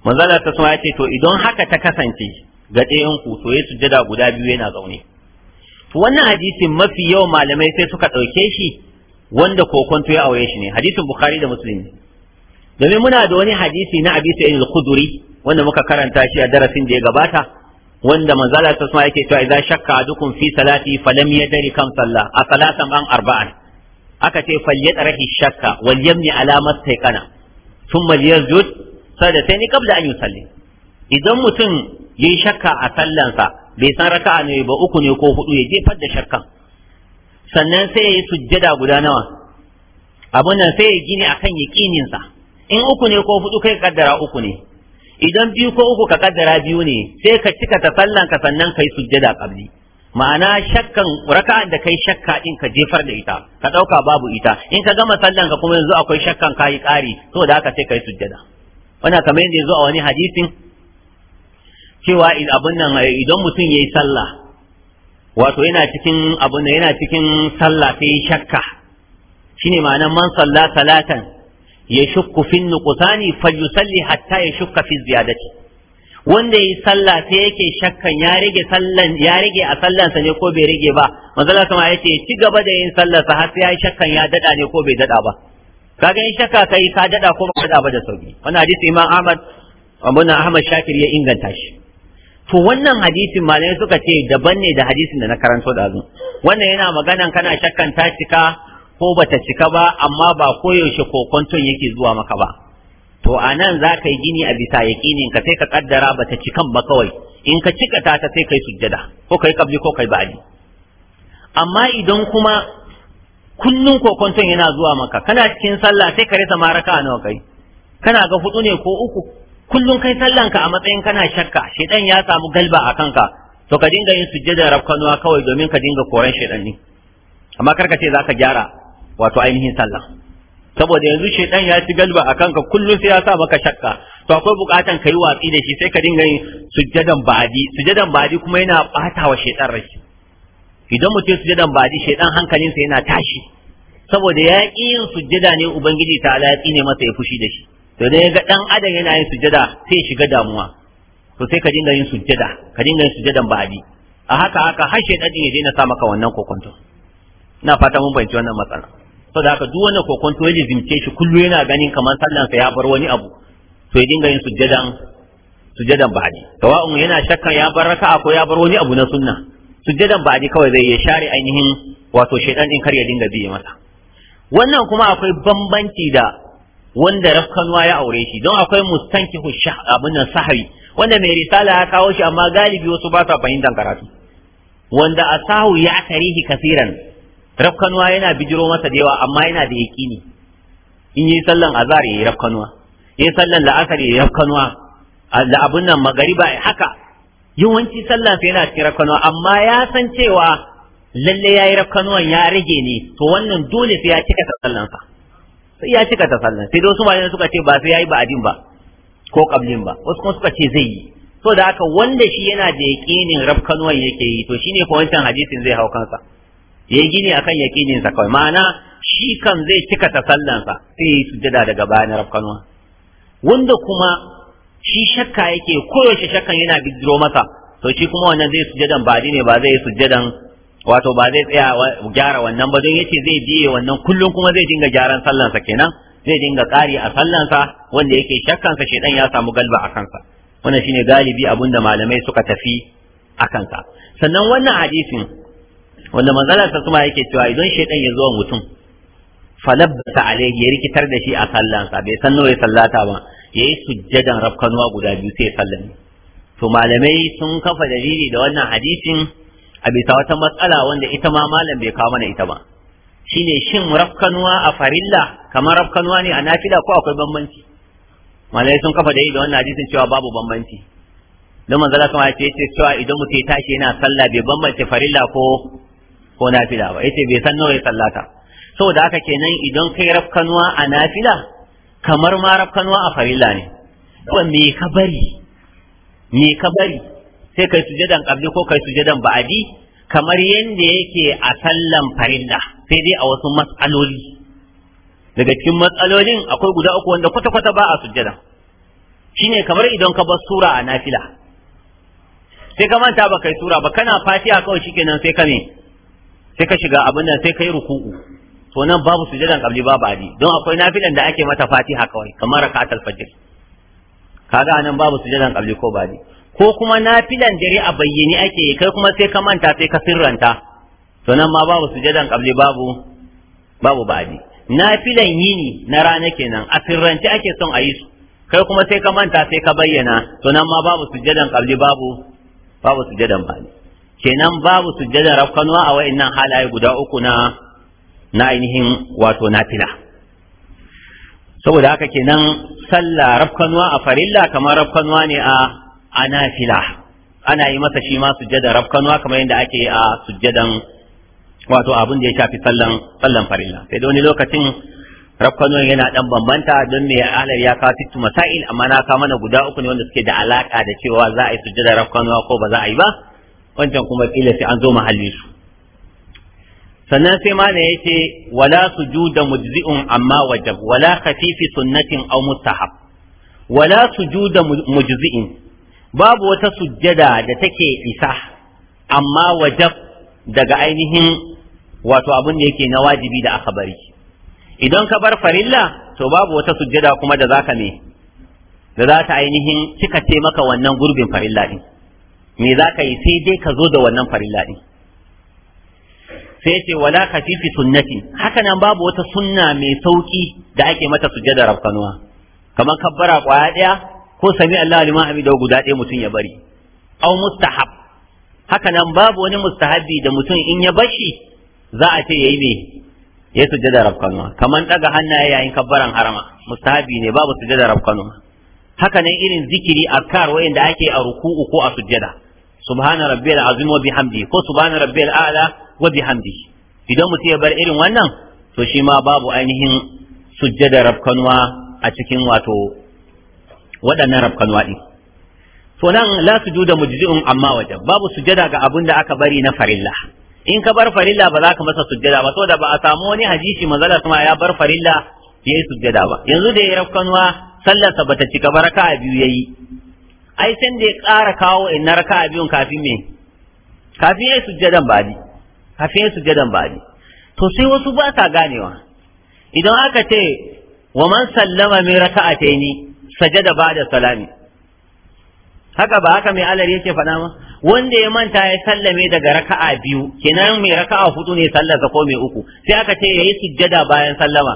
Speaker 1: manzala ta sama ya ce to idan haka ta kasance ga ɗayan ku to ya sujjada guda biyu yana zaune to wannan hadisin mafi yawan malamai sai suka ɗauke shi wanda kokonto ya aure shi ne hadisin bukhari da musulmi domin muna da wani hadisi na abi sa'id al-khudri wanda muka karanta shi a darasin da ya gabata wanda manzala ta sama yake cewa idza shakka adukum fi salati falam yadri kam Sallah a salatan an arba'an aka ce falyatrahi shakka wal yamni ala mastaqana thumma yasjud da sai sadataini kabla an salli idan mutum yayi shakka a sallansa bai san raka'a ne ba uku ne ko hudu ya jefar da shakkan sannan sai yayi sujjada guda nawa abun nan sai ya gini akan yaqinin sa in uku ne ko hudu kai kaddara uku ne idan biyu ko uku ka kaddara biyu ne sai ka cika ta sallanka sannan kai sujjada kabli ma'ana shakkan raka'an da kai shakka din ka jefar da ita ka dauka babu ita in ka gama sallanka kuma yanzu akwai shakkan kai kari to da haka sai kai sujjada wannan kamar yadda zo a wani hadisin cewa abin nan eh, idan mutum ya yi sallah wato yana cikin abin yana cikin sallah sai shakka shine ma'anar man sallah salatan shukku fi nuqsani salli, hatta ya shukka fi ziyadati wanda ya yi sallah sai yake shakkan ya rage sallan ya rage a sallansa ne ko bai rage ba manzo ya ya yace ci gaba da yin sallarsa har sai ya shakkan ya dada ne ko bai dada ba Ka in shakka kai ka daɗa ko ba dada ba da sauki wannan hadisi imam ahmad abun ahmad shakir ya inganta shi to wannan hadisin malamai suka ce daban ne da hadisin da na karanto da azu wannan yana maganan kana shakkan ta cika ko bata cika ba amma ba koyaushe kokonton yake zuwa maka ba to a nan za ka yi gini a bisa yaƙinin ka sai ka kaddara bata cikan ba kawai in ka cika ta ta sai kai sujjada ko kai kabli ko kai bali amma idan kuma kullun kokonton yana zuwa maka kana cikin sallah sai ka rasa maraka nawa kai kana ga hudu ne ko uku kullun kai sallanka a matsayin kana shakka shedan ya samu galba a kanka to ka dinga yin sujjada rabkanuwa kawai domin ka dinga koran shedan ne amma kar ka ce zaka gyara wato ainihin sallah saboda yanzu shedan ya ci galba a kanka kullun sai ya sa maka shakka to akwai bukatan ka yi watsi da shi sai ka dinga yin sujjadan badi sujjadan badi kuma yana bata wa shedan rashi. idan mutum sujadan ba ji shaidan hankalinsa yana tashi saboda ya ƙi yin sujjada ne ubangiji ta ala ya tsine masa ya fushi da shi to dai ga dan adam yana yin sujjada sai shiga damuwa to sai ka dinga yin sujjada ka dinga yin sujjadan ba ji a haka haka har shaidan ya daina sa maka wannan kokonto ina fata mun fahimci wannan matsala saboda haka duk wannan kokonto ya zimce shi kullu yana ganin kamar sallansa ya bar wani abu to ya dinga yin sujjadan sujjadan ba'di sawa'un yana shakka ya bar raka'a ko ya bar wani abu na sunna sujjadan ba ji kawai zai ya share ainihin wato shaidan din kar ya dinga biye masa wannan kuma akwai bambanci da wanda rafkanuwa ya aure shi don akwai mustankihu shah abin nan sahari, wanda mai risala ya kawo shi amma galibi wasu ba sa fahimtar karatu wanda Asahu ya tarihi kasiran rafkanuwa yana bijiro masa da yawa amma yana da yaƙini in yi sallan azhar yi rafkanuwa yi sallan la'asar yi rafkanuwa da abin nan magariba haka yawanci sallah sai yana cikin rakkanuwa amma ya san cewa lalle ya yi rakanuwan ya rage ne to wannan dole sai ya cika ta sallansa sai ya cika ta sallan sai wasu suka ce ba sai ya yi ba'adin ba ko kablin ba wasu kuma suka ce zai yi so da haka wanda shi yana da yaƙinin rakanuwan yake yi to shine ko wancan hadisin zai hau kansa yayi gini akan yaqinin sa kawai ma'ana shi kan zai cika ta sallansa sai ya yi sujjada daga bayan rakkanuwa wanda kuma shi shakka yake koyaushe shakkan yana bidiro masa to shi kuma wannan zai sujjadan ba ne ba zai sujjadan wato ba zai tsaya gyara wannan ba don yace zai biye wannan kullum kuma zai dinga gyaran sallansa kenan zai dinga ƙari a sallansa wanda yake shakkansa shedan ya samu galba a kansa wannan shine galibi abunda malamai suka tafi a kansa sannan wannan hadisin wanda manzalar sa kuma yake cewa idan shedan ya zo mutum falabbata alaihi ya rikitar da shi a sallansa bai san nawa ya sallata ba yi sujjadan rafkanuwa guda biyu sai sallame to malamai sun kafa dalili da wannan hadisin a bisa wata matsala wanda ita ma malam bai kawo mana ita ba ne shin rafkanuwa a farilla kamar rafkanuwa ne a nafila ko akwai bambanci malamai sun kafa dalili da wannan hadisin cewa babu bambanci don manzala kuma ya ce cewa idan mutum ya tashi yana sallah bai bambance farilla ko ko nafila ba ce bai san nawa ya sallata saboda haka kenan idan kai rafkanuwa a nafila kamar marar kanwa a farilla ne yawan me ka bari me ka bari sai kai sujadan kabli ko kai sujadan ba'adi kamar yadda yake a sallan farilla sai dai a wasu matsaloli daga cikin matsalolin akwai guda uku wanda kwata-kwata ba a sujjada shine kamar idan ka bar sura a nafila sai ka manta ba kai sura ba kana fatiha kawai shikenan sai ka ne sai ka shiga abin nan sai kai ruku'u to nan babu sujadan qabli babu adi don akwai nafilan da ake mata fatiha kawai kamar rakatul fajr kaga nan babu sujadan qabli ko badi ko kuma nafilan dare a bayyane ake kai kuma sai ka manta sai ka sirranta to nan ma babu sujadan qabli babu babu badi nafilan yini na rana kenan a sirrance ake son a yi su kai kuma sai ka manta sai ka bayyana to nan ma babu sujadan qabli babu babu sujadan badi kenan babu sujadan rakkanwa a wa'annan halaye guda uku na na ainihin wato nafila saboda haka kenan sallah rafkanuwa a farilla kamar rafkanuwa ne a anafila ana yi masa shi ma sujjada rafkanuwa kamar yadda ake a sujjadan wato abin da ya shafi sallan sallan farilla sai da wani lokacin rafkanuwan yana dan bambanta don me ahalar ya kawo fitu masail amma na kawo mana guda uku ne wanda suke da alaka da cewa za a yi sujjada rafkanuwa ko ba za a yi ba wancan kuma kila sai an zo mahallin su sannan sai ma ne yace wala sujuda mujzi'un amma wajab wala khafifi sunnatin aw mustahab wala sujuda mujzi'in babu wata sujjada da take isa amma wajab daga ainihin wato abin da yake na wajibi da aka bari idan ka bar farilla to babu wata sujjada kuma da zaka ne da za ta ainihin kika ce maka wannan gurbin farilla din me zaka yi sai dai ka zo da wannan farilla din sai ce wala kafifi sunnati haka nan babu wata sunna mai sauki da ake mata sujjada rafkanuwa kamar kabbara kwaya daya ko sami Allah liman hamida guda daya mutum ya bari au mustahab haka nan babu wani mustahabi da mutum in ya bashi za a ce yayi ne ya sujjada rafkanuwa kamar daga hannaye yayin kabbaran harama mustahabi ne babu sujjada rafkanuwa haka nan irin zikiri azkar wayanda ake a ruku'u ko a sujjada subhana rabbiyal azim wa bihamdi ko subhana rabbiyal a'la wa bihamdihi idan mutum ya bar irin wannan to shi ma babu ainihin sujjada rabkanwa a cikin wato waɗannan rabkanwa ɗin to nan la sujuda mujzi'un amma wajen babu sujjada ga abin da aka bari na farilla in ka bar farilla ba za ka masa sujjada ba saboda ba a samu wani hadisi manzala sama ya bar farilla ya yi sujjada ba yanzu da ya rafkanuwa sallarsa bata cika ba a biyu yayi ai san da ya kara kawo in na raka'a biyun kafin me kafin ya yi sujjadan ba kafin sujadan ba'di to sai wasu ba sa ganewa idan aka ce wa man sallama min raka'ataini sajada ba'da salami haka ba haka mai alar yake faɗa ma wanda ya manta ya sallame daga raka'a biyu kenan mai raka'a hudu ne sallarsa ko mai uku sai aka ce yayi sujada bayan sallama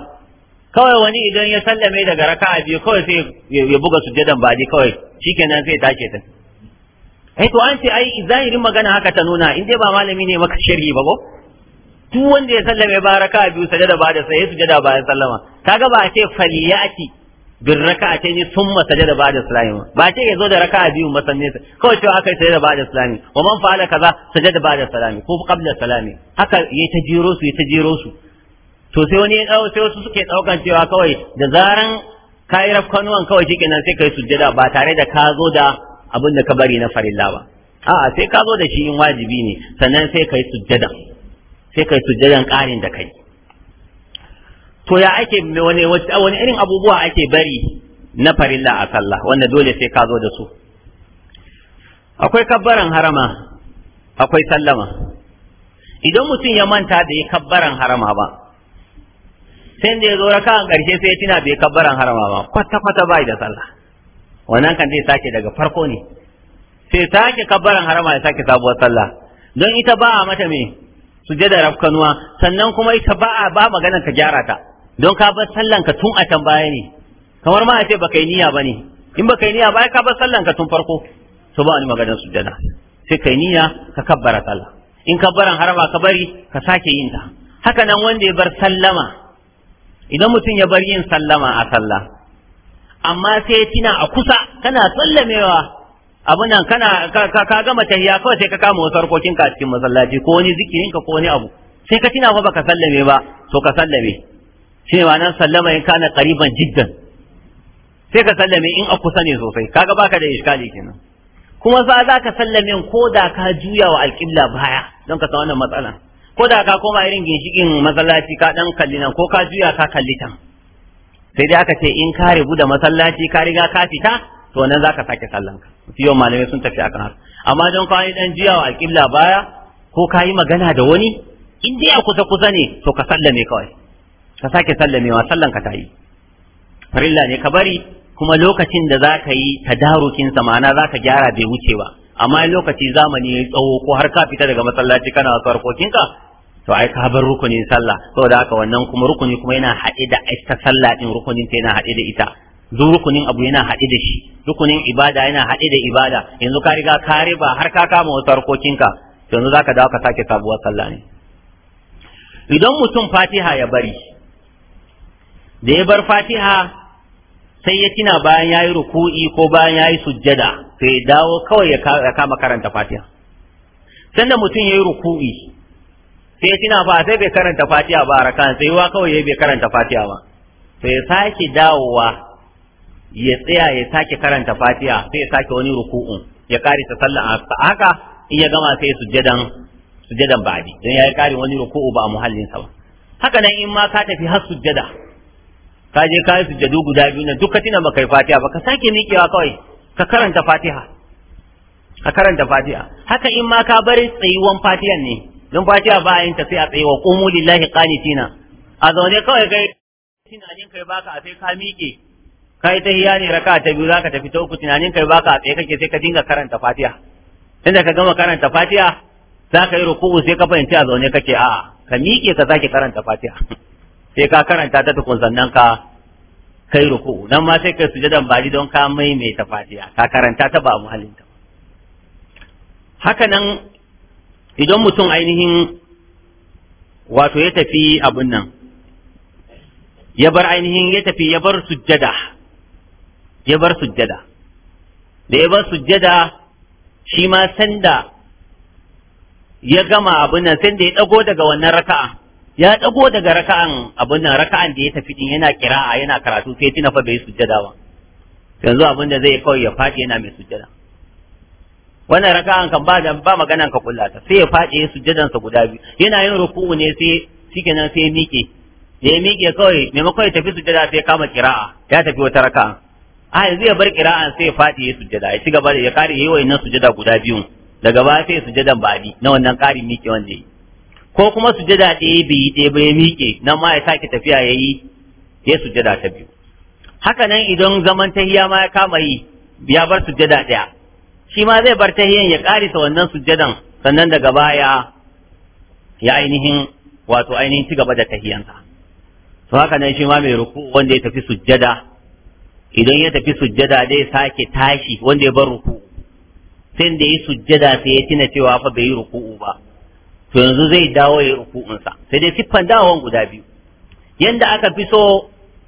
Speaker 1: kawai wani idan ya sallame daga raka'a biyu kawai sai ya buga sujjadan baji kawai shikenan sai tashi ta eh to an ce ai zahirin magana haka ta nuna in dai ba malami ne maka sharhi ba ko duk wanda ya sallame baraka raka'a biyu sajada ba da sai sujada bayan sallama kaga ba a ce faliyati bin raka'ati ce ne sajada ba da sallama ba ce ya zo da raka'a biyu masanne ta kawai cewa aka yi ba da sallami wa man fa'ala kaza ba da sallami salami ko qabla salami haka yayi ta jiro su yayi ta jiro su to sai wani ya sai wasu suke daukan cewa kawai da zaran kai rafkanuwan kawai shikenan sai kai sujada ba tare da ka zo da abin da ka bari na farilla ba a sai ka zo da shi in wajibi ne sannan sai kai sujjada sai kai sujjadan ƙarin da kai to ya ake wani wani irin abubuwa ake bari na farilla a sallah wanda dole sai ka zo da su akwai kabbaran harama akwai sallama idan mutum ya manta da ya kabbaran harama ba sai da ya zo raka a ƙarshe sai ya tuna bai kabbaran harama ba kwata kwata bai da sallah wannan kan zai sake daga farko ne sai sake kabbaran harama ya sake sabuwar sallah don ita ba a mata me da rafkanuwa sannan kuma ita ba a ba maganar ka gyara ta don ka bar sallan ka tun a can baya ne kamar ma a ce baka yi niyya ne, in baka yi niyya ba ka bar sallan ka tun farko to ba wani maganar sujada sai kai niyya ka kabbara sallah in kabbaran harama ka bari ka sake yin ta haka nan wanda ya bar sallama idan mutum ya bar yin sallama a sallah amma sai tina a kusa kana sallamewa abin nan kana ka gama tahiya kawai sai ka kama wasu harkokinka a cikin masallaci ko wani zikirinka ko wani abu sai ka tina ba baka sallame ba to ka sallame shine nan sallama in kana qariban jiddan sai ka sallame in a kusa ne sosai kaga baka da iskali kenan kuma za za ka sallame ko da ka juya wa alƙibla baya don ka san wannan matsala ko da ka koma irin ginshikin masallaci ka dan kalli nan ko ka juya ka kalli tan sai dai aka ce in ka rigu da masallaci ka riga ka fita to nan zaka sake sallan ka fiyo malamai sun tafi akan haka amma don ka yi dan wa alƙibla baya ko ka yi magana da wani in dai a kusa kusa ne to ka sallame kawai ka sake sallamewa sallan ka ta yi farilla ne ka bari kuma lokacin da za ka yi tadarukin sa ma'ana za ka gyara bai wuce ba amma lokaci zamani ya tsawo ko har ka fita daga masallaci kana wasu harkokinka to ai ka bar rukunin sallah saboda haka wannan kuma rukuni kuma yana haɗe da ita sallah din rukunin ta yana haɗe da ita duk rukunin abu yana haɗe da shi rukunin ibada yana haɗe da ibada yanzu ka riga ka riba har ka kama wasu harkokinka to yanzu zaka dawo ka sake sabuwar sallah ne idan mutum fatiha ya bari da ya bar fatiha sai ya tina bayan ya yi ruku'i ko bayan ya yi sujjada sai ya dawo kawai ya kama karanta fatiha sannan mutum ya yi ruku'i sai tuna ba sai bai karanta fatiha ba a rakan sai wa kawai yayi bai karanta fatiha ba sai ya sake dawowa ya tsaya ya sake karanta fatiha sai ya sake wani ruku'un ya kare ta sallan haka in ya gama sai sujjadan sujjadan ba'di dan yayi kare wani ruku'u ba a muhallin sa ba haka nan in ma ka tafi har sujjada ka je ka yi sujjadu guda biyu na duka tuna maka yi fatiha ba ka sake miƙewa kawai ka karanta fatiha ka karanta fatiha haka in ma ka bari tsayuwan fatihan ne don fatiha ba yin tafi a tsaye wa qumu lillahi ƙanitina a zaune kawai kai tunanin kai baka a sai ka miƙe kai ta hiya ne raka ta biyu zaka tafi ta uku tunanin kai baka a tsaye kake sai ka dinga karanta fatiha inda ka gama karanta fatiha za ka yi ruku'u sai ka fahimci a zaune kake a ka miƙe ka zaki karanta fatiha sai ka karanta ta tukun sannan ka kai ruku'u nan ma sai kai sujadan baji don ka maimaita fatiha ka karanta ta ba muhallinta haka nan idan mutum ainihin wato ya tafi abin nan ya bar ainihin ya tafi ya bar sujjada ya bar sujjada da ya bar sujjada shi ma sanda ya gama abin nan sanda ya dago daga wannan raka'a ya dago daga raka'an abin nan raka'an da ya tafi din yana kira'a yana karatu sai tuna fa bai sujjada ba yanzu abin da zai kawai ya faɗi yana mai sujjada wannan raka'an kan ba ba maganan ka ta, sai ya faɗi ya sujjadan sa guda biyu yana yin ruku'u ne sai shikenan sai ya miƙe da ya miƙe kawai maimakon ya tafi sujjada sai ya kama kira'a ya tafi wata raka'a a yanzu ya bar kira'a sai ya faɗi ya sujjada ya ci gaba da ya kare yayi wannan sujjada guda biyu, daga ba sai sujjadan ba'di na wannan ƙarin miƙe wanda yi ko kuma sujjada ɗaya bai yi ba bai miƙe nan ma ya sake tafiya ya yi ya sujjada ta biyu haka nan idan zaman tahiya ma ya kama yi ya bar sujjada ɗaya shi ma zai bar tahiyan ya karisa wannan sujjadan sannan daga baya ya ainihin wato ainihin ci gaba da tahiyansa to haka nan shi ma mai ruku wanda ya tafi sujjada idan ya tafi sujjada zai sake tashi wanda ya bar ruku sai da yi sujjada sai ya tina cewa fa bai yi ruku'u ba to yanzu zai dawo ya yi ruku'unsa sai dai siffan dawon guda biyu yanda aka fi so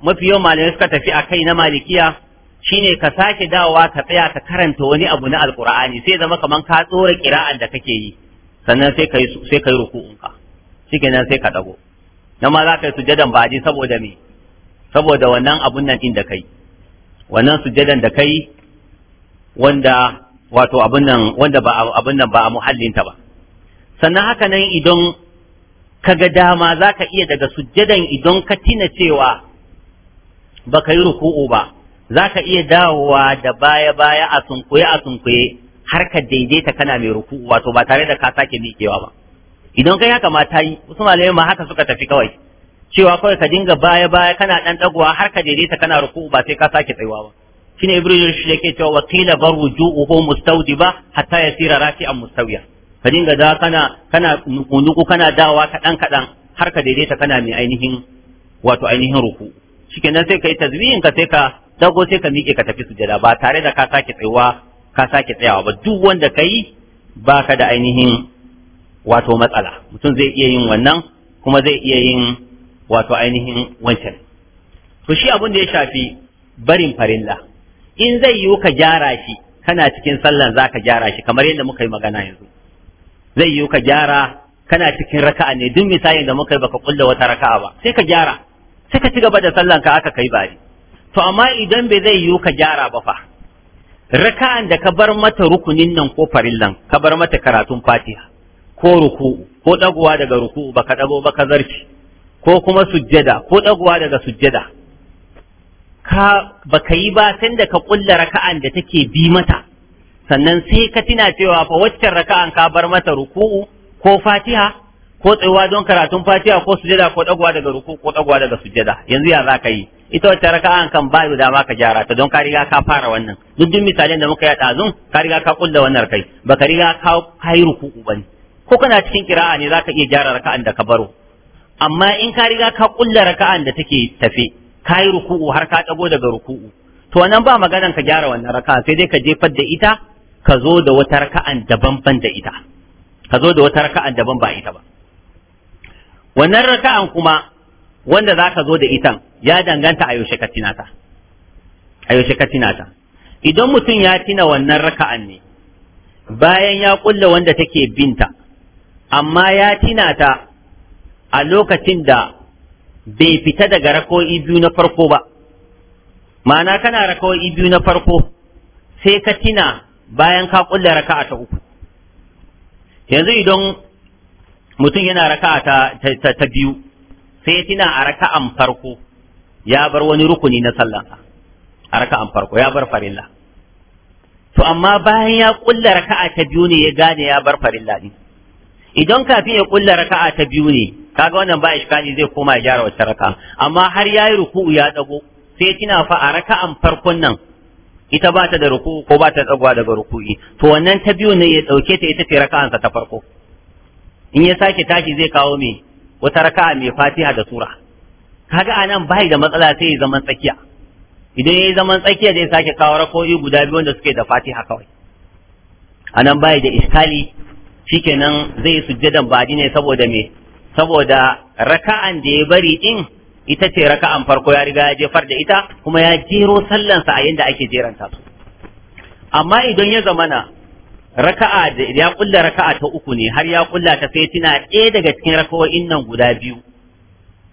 Speaker 1: mafi yawan malamai suka tafi a kai na malikiya shine ka sake dawowa ka tsaya ka karanta wani abu na alkur'ani sai zama kaman ka tsora kira'an da kake yi sannan sai kai sai kai ruku'unka shikenan sai ka dago Na ma za ka yi sujadan baji saboda me saboda wannan abun nan din da kai wannan sujadan da kai wanda wato abun nan wanda ba abun nan ba a muhallinta ba sannan haka nan idan ka ga dama za ka iya daga sujjadan idan ka tina cewa ba ka yi ruku'u ba za ka iya dawowa da baya-baya a sunkuye a sunkuye har ka daidaita kana mai ruku wato ba tare da ka sake miƙewa ba idan kai haka ma yi wasu malamai ma haka suka tafi kawai cewa kawai ka dinga baya-baya kana ɗan dagowa har ka daidaita kana ruku ba sai ka sake tsayuwa ba shine ibrahim shi yake cewa wakila bar wujuhu mustawdiba hatta yasira rafi'an mustawiya ka dinga da kana kana nuku kana dawa kadan kadan har ka daidaita kana mai ainihin wato ainihin ruku shikenan sai kai tasbihin ka sai ka dago sai ka miƙe ka tafi sujada ba tare da ka sake tsayuwa ka sake tsayawa ba duk wanda ka yi ba ka da ainihin wato matsala mutum zai iya yin wannan kuma zai iya yin wato ainihin wancan to shi abin da ya shafi barin farilla in zai yiwu ka gyara shi kana cikin sallan za ka gyara shi kamar yadda muka yi magana yanzu zai yiwu ka gyara kana cikin raka'a ne duk misalin da muka yi baka kulla wata raka'a ba sai ka gyara sai ka ci gaba da sallan ka aka kai bari to amma idan bai zai yiwu ka gyara ba fa raka'an da ka bar mata rukunin nan ko farillan ka bar mata karatun fatiha ko ruku ko dagowa daga ruku baka dago ba ka zarci ko kuma sujjada ko dagowa daga sujjada ka baka yi ba da ka kulla raka'an da take bi mata sannan sai ka tina cewa fa waccan raka'an ka bar mata ruku'u ko fatiha ko tsayuwa don karatun fatiha ko sujjada ko dagowa daga ruku ko dagowa daga sujjada yanzu ya za ka yi ita wacce raka'an kan ba da dama ka gyara ta don ka ka fara wannan duk duk misalin da muka yi ɗazun ka riga ka kulle wannan kai ba ka riga ka kai ruku'u ba ne ko kana cikin kira'a ne za ka iya gyara raka'an da ka baro amma in ka riga ka kulla raka'an da take tafe ka yi ruku'u har ka ɗago daga ruku'u to nan ba maganan ka gyara wannan raka'a sai dai ka jefar da ita ka zo da wata raka'an daban ban da ita ka zo da wata raka'an daban ba ita ba wannan raka'an kuma wanda za ka zo da itan ya danganta a yaushe ka tina ta a yaushe ka tina ta idan mutum ya tina wannan raka'an ne bayan ya kulle wanda take binta amma ya tina ta a lokacin da bai fita daga rako'i biyu na farko ba ma'ana kana rako'i biyu na farko sai ka tina bayan ka kulle raka'a ta uku yanzu idan mutum yana raka'a ta biyu sai tuna a raka'an farko ya bar wani rukuni na sallansa a raka'an farko ya bar farilla to amma bayan ya kulla raka'a ta biyu ne ya gane ya bar farilla din idan kafin ya kulla raka'a ta biyu ne kaga wannan ba iskani zai koma ya gyara wata raka'a amma har yayi ruku'u ya dago sai tuna fa a raka'an farkon nan ita ba ta da ruku'u ko ba ta tsagwa daga ruku'i to wannan ta biyu ne ya dauke ta ita ce raka'ansa ta farko in ya sake tashi zai kawo me wata raka'a mai fatiha da sura kaga anan bai da matsala sai zaman tsakiya idan yayi zaman tsakiya zai sake kawo rako'i guda biyu wanda suke da fatiha kawai anan bai da iskali shikenan zai sujjadan baji ne saboda me saboda raka'an da ya bari din ita ce raka'an farko ya riga ya jefar da ita kuma ya jero sallansa a yanda ake jeranta su amma idan ya zamana raka'a da ya kulla raka'a ta uku ne har ya kulla ta sai tana ɗaya daga cikin raka'o'in nan guda biyu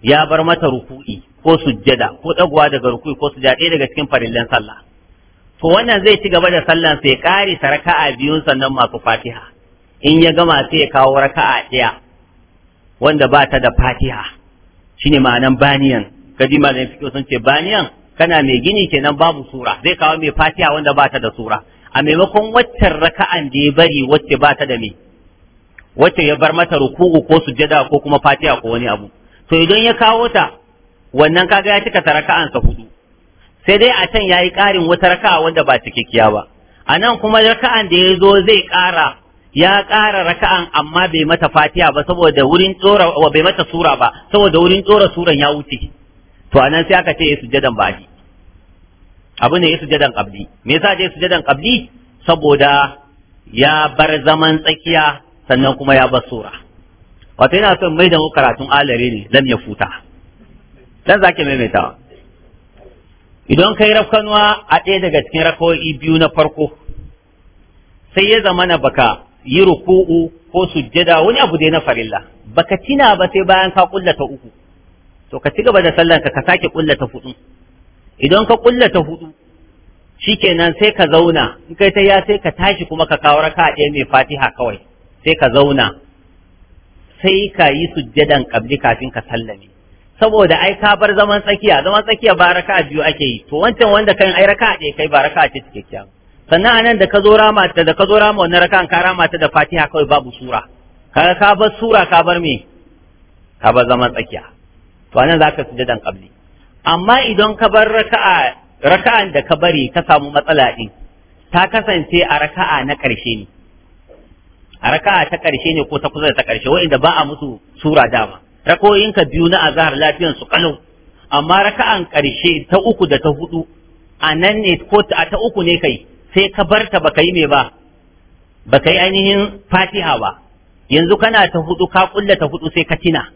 Speaker 1: ya bar mata ruku'i ko sujjada ko ɗaguwa daga ruku'i ko sujjada ɗaya daga cikin farillan sallah to wannan zai ci gaba da sallan sai ƙari ta raka'a biyun sannan masu fatiha in ya gama sai ya kawo raka'a ɗaya wanda ba ta da fatiha shine ma'anan baniyan kaji malamin fiqh sun ce baniyan kana mai gini kenan babu sura zai kawo mai fatiha wanda ba ta da sura a maimakon waccan raka'an da ya bari wacce ba ta da me wacce ya bar mata ruku'u ko sujada ko kuma fatiha ko wani abu to idan ya kawo ta wannan kaga ya cika ta raka'an sa hudu sai dai a can yayi karin wata raka'a wanda ba ta cikakkiya ba anan kuma raka'an da ya zo zai ƙara ya kara raka'an amma bai mata fatiha ba saboda wurin tsora bai mata sura ba saboda wurin tsora suran ya wuce to anan sai aka ce ya sujjadan shi. abu ne ya sujadan qabli me yasa je sujadan qabli saboda ya bar zaman tsakiya sannan kuma ya bar sura wato yana son mai da karatun alare ne dan ya futa dan zake maimaitawa idan kai rafkanuwa a ɗaya daga cikin rakawoyi biyu na farko sai ya zama na baka yi ruku'u ko sujjada wani abu dai na farilla baka tina ba sai bayan ka kullata uku to ka ci gaba da sallanka ka sake kullata hudu idan ka kulla ta hudu shikenan sai ka zauna in kai ta ya sai ka tashi kuma ka kawo raka ɗaya mai fatiha kawai sai ka zauna sai ka yi sujjadan kabli kafin ka sallame saboda ai ka bar zaman tsakiya zaman tsakiya ba raka biyu ake yi to wancan wanda kan ai raka ɗaya kai ba raka ce cikakkiya sannan anan da ka zo rama ta da ka zo rama wannan raka ka rama ta da fatiha kawai babu sura kaga ka bar sura ka bar me ka bar zaman tsakiya to anan zaka sujjadan kabli amma idan ka bar raka'a raka'an da ka bari ka samu matsala din ta kasance a raka'a na ƙarshe ne a raka'a ta ƙarshe ne ko ta kusa da ta ƙarshe wa'inda ba a musu sura dama rakoyinka biyu na azahar lafiyan su kalau amma raka'an ƙarshe ta uku da ta hudu a nan ne ko a ta uku ne kai sai ka bar ta baka yi me ba baka yi ainihin fatiha ba yanzu kana ta hudu ka kulla ta hudu sai ka tina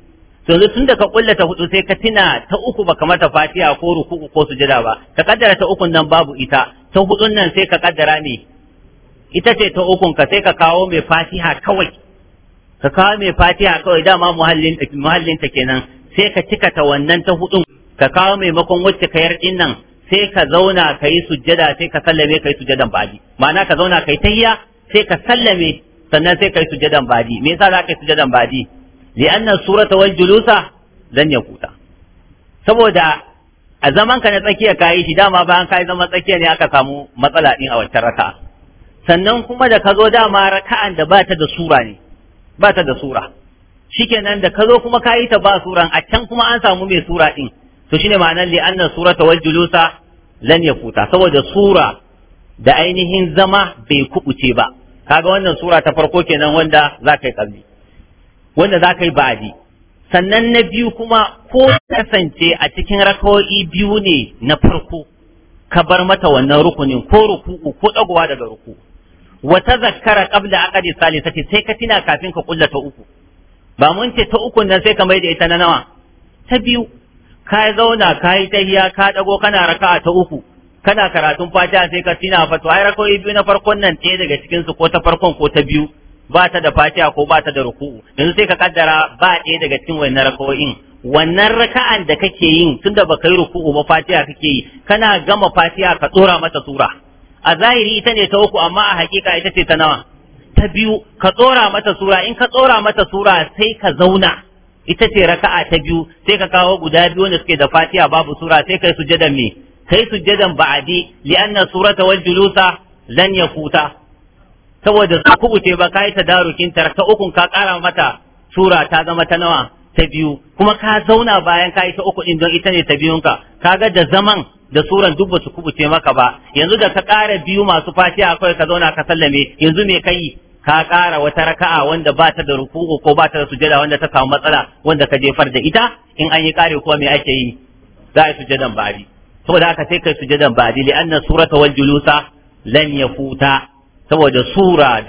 Speaker 1: yanzu tun da ka kulla ta hudu sai ka tina ta uku ba kamar mata fatiha ko ruku ko sujada ba ka kaddara ta ukun nan babu ita ta hudu nan sai ka kaddara ne ita ce ta ukun ka sai ka kawo mai fatiha kawai ka kawo mai fatiha kawai dama muhallin muhallin ta kenan sai ka cika ta wannan ta hudun ka kawo mai makon wacce ka yar din nan sai ka zauna ka yi sujjada sai ka sallame ka yi sujjadan baji ma'ana ka zauna ka yi sai ka sallame sannan sai ka yi sujjadan baji me yasa za ka yi sujadan baji li'anna surata wal julusa zan yakuta saboda a zaman ka na tsakiya kayi shi dama bayan kayi zama tsakiya ne aka samu matsala din a wancan raka. sannan kuma da ka zo dama raka'an da bata da sura ne bata da sura shikenan da ka zo kuma kayi ta ba suran a can kuma an samu mai sura din to shine ma'anar li anna surata wal julusa lan yakuta saboda sura da ainihin zama bai kubuce ba kaga wannan sura ta farko kenan wanda za ka yi kalli wanda za ka yi ba'adi sannan na biyu kuma ko kasance a cikin rakawo'i biyu ne na farko ka bar mata wannan rukunin ko ruku'u ko dagowa daga ruku wata zakkara qabla aqdi salisati sai ka tina kafin ka kulla ta uku ba mun ce ta uku nan sai ka mai da ita na nawa ta biyu ka zauna ka yi tahiya ka dago kana raka'a ta uku kana karatun fatiha sai ka tina fa ai rakawo'i biyu na farkon nan ɗaya daga cikin su ko ta farkon ko ta biyu ba ta da fatiha ko ba ta da ruku'u yanzu sai ka kaddara ba ɗaya daga cikin wannan raka'o'in wannan raka'an da kake yin tunda ba kai ruku'u ba fatiha kake yi kana gama fatiha ka tsora mata sura a zahiri ita ne ta uku amma a hakika ita ce ta nawa ta biyu ka tsora mata sura in ka tsora mata sura sai ka zauna ita ce raka'a ta biyu sai ka kawo guda biyu wanda suke da fatiha babu sura sai kai sujjadan me kai sujjadan ba'adi li'anna surata wal julusa lan yafuta saboda ku kubuce ba ka yi ta darukin ta ukun ka kara mata sura ta zama ta nawa ta biyu kuma ka zauna bayan ka yi ta uku din don ita ne ta biyunka ga da zaman da suran duk basu kubuce maka ba yanzu da ka ƙara biyu masu fashi akwai ka zauna ka sallame yanzu me kai ka ƙara wata raka'a wanda ba ta da ruku'u ko ba ta da sujada wanda ta samu matsala wanda ka jefar da ita in an yi ƙare kuma me ake yi za a yi sujadan ba'adi saboda haka sai kai sujadan ba'adi li'anna surata wal julusa lan yafuta saboda sura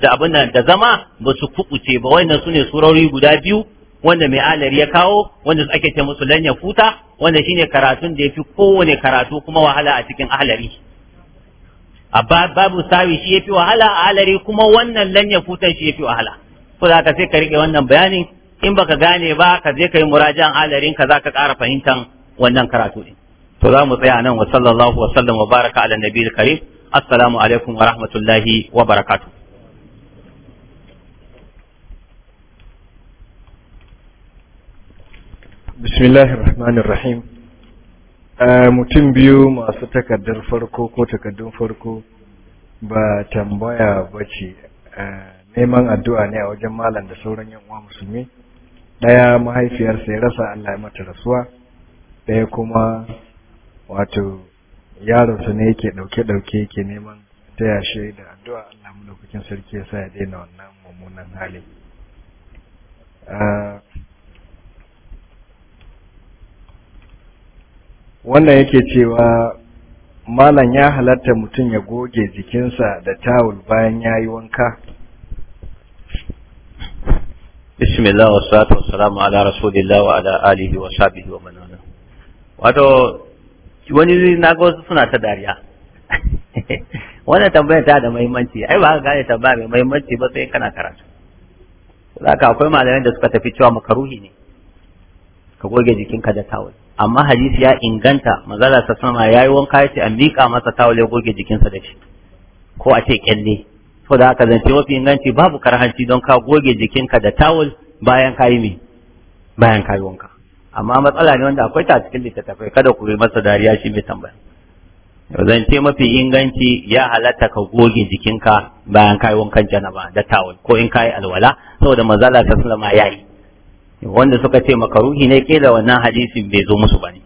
Speaker 1: da abin nan da zama ba su kubuce ba wannan sune surori guda biyu wanda mai alar ya kawo wanda ake ce musu lanya futa wanda shine karatun da yafi kowane karatu kuma wahala a cikin ahlari a babu sawi shi yafi wahala a alari kuma wannan lanya futan shi yafi wahala ko za ka sai ka rike wannan bayanin in baka gane ba ka je ka yi murajan alarin ka za ka ƙara fahimtan wannan karatu din to za mu tsaya nan wa sallallahu wa wa baraka ala nabi karim assalamu alaikum wa rahmatullahi wa barakatuh
Speaker 2: bismillahi rahmanir rahim eh, mutum biyu masu takardar farko ko takardun farko ba tambaya ba ce eh, neman addu'a ne a wajen malam da sauran yan uwa musulmi ɗaya mahaifiyarsa ya rasa Allah ya mata rasuwa ɗaya kuma wato yaron yaronsa ne yake dauke dauke yake neman taya shi da addu'a Allah mu lokacin sarki ya sa ya daina wannan mummunan hali. Ah, wannan yake cewa malam ya halatta mutum ya goge jikinsa da tawul bayan ya yi wanka.
Speaker 1: Bismillah wa salatu wa salamu ala rasulillah wa ala alihi wa sahbihi wa manana. Wato wani na ga wasu suna ta dariya [laughs] wannan tambayar ta da muhimmanci ai ba ka gane tambaya mai muhimmanci ba sai kana karatu Za ka akwai malamai da suka tafi cewa makaruhi ne ka goge jikinka da tawul amma hadisi ya inganta manzala ta sama yi wanka ya yace a miƙa masa tawul ya goge jikinsa da shi ko a ce kyalle Ko da haka zance mafi inganci babu karhanci don ka goge jikinka da tawul bayan yi me bayan ka yi wanka amma matsala ne wanda akwai ta cikin littattafai kada ku yi masa dariya shi mai tambaya zan ce mafi inganci ya halatta ka goge jikinka bayan kayi wankan janaba da tawul ko in kayi alwala saboda manzala ta sallama yayi wanda suka ce makaruhi ne ke da wannan hadisin bai zo musu bane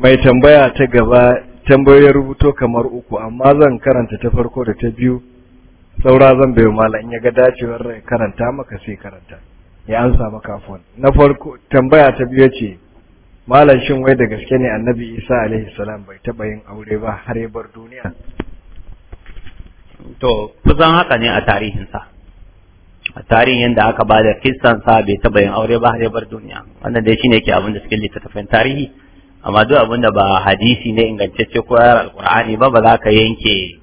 Speaker 2: mai tambaya ta gaba tambayoyin rubuto kamar uku amma zan karanta ta farko da ta biyu saura zan bai malam ya ga dacewar karanta maka sai karanta ya ansa maka fon na farko tambaya ta biyu ce malam shin wai da gaske ne annabi isa alaihi salam bai taba yin aure ba har ya bar duniya to kusan haka
Speaker 1: ne a tarihinsa a tarihin yadda aka ba da sa bai taba yin aure ba har ya bar duniya wannan dai shine ke abin da suke littattafan tarihi amma duk abin da ba hadisi ne ingantacce ko yar alqur'ani ba ba za ka yanke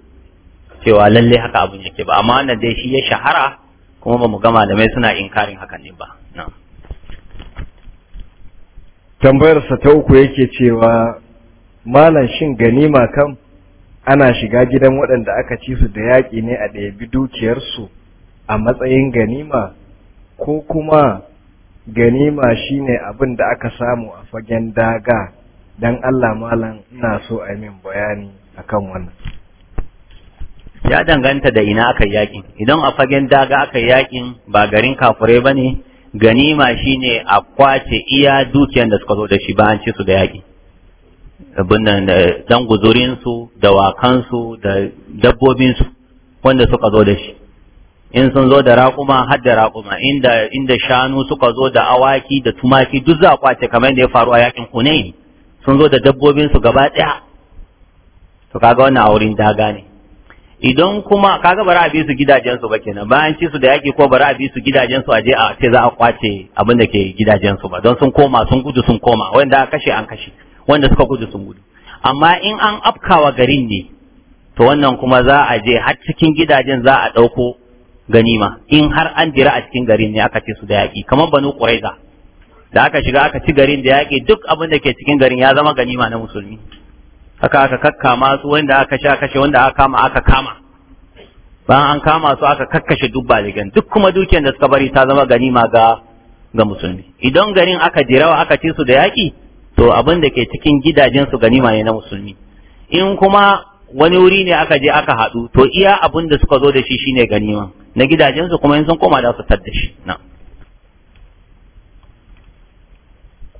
Speaker 1: cewa lalle haka abin yake ba amma wannan dai shi ya shahara kuma ba mu gama da mai suna inkarin hakan ne ba
Speaker 2: tambayarsa ta uku yake cewa malam shin ganima kam ana shiga gidan waɗanda aka ci su da yaƙi ne a ɗayabi dukiyarsu a matsayin ganima ko kuma ganima shi ne abin da aka samu a fagen daga don Allah malam ina so a yi min bayani a kan wannan
Speaker 1: ya danganta da ina aka yakin idan a fagen daga aka yakin ba garin kafurai ba ne ganima shine a kwace iya dukiyar da suka zo da shi ba an ci su da yaki guzurinsu da wakansu da dabbobinsu wanda suka zo da shi in sun zo da raƙuma har da raƙuma inda shanu suka zo da awaki da tumaki duk za a kwace kamar da ya faru a yakin kunai sun zo da dabbobinsu gaba ɗaya to kaga wannan a wurin daga ne idan kuma kaga bara a bi su gidajensu ba kenan bayan ci su da yaki ko bara a bi su gidajensu a je a ce za a kwace abin da ke gidajensu ba don sun koma sun gudu sun koma wanda aka kashe an kashe wanda suka gudu sun gudu amma in an afkawa garin ne to wannan kuma za a je har cikin gidajen za a ɗauko ganima in har an jira a cikin garin ne aka ce su da yaki kamar banu ƙuraiza da aka shiga aka ci garin da yaki duk abin da ke cikin garin ya zama ganima na musulmi haka aka kakkama su wanda aka sha kashe wanda aka kama aka kama bayan an kama su aka kakkashe duk baligan duk kuma dukiyar da suka bari ta zama ganima ga ga musulmi idan garin aka jirawa aka ci su da yaƙi to abin da ke cikin gidajen su ganima ne na musulmi in kuma wani wuri ne aka je aka haɗu to iya abin da suka zo da shi shine ganima na gidajen su kuma in sun koma da su tadda shi na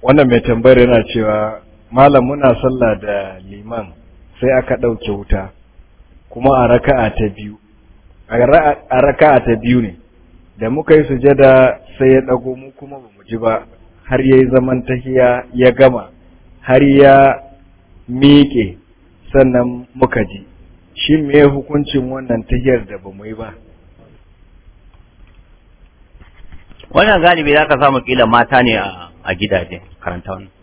Speaker 2: wannan mai tambayar yana cewa malam muna sallah da liman sai aka ɗauke wuta kuma a raka'a ta biyu a raka'a ta biyu ne da muka yi sujada sai ya ɗago mu kuma bamu ji ba har ya yi zaman tahiya ya gama har ya miƙe sannan muka ji shin me hukuncin wannan tahiyar da ba yi ba
Speaker 1: wannan galibi za ka samu kila mata ne a gidaje karanta wannan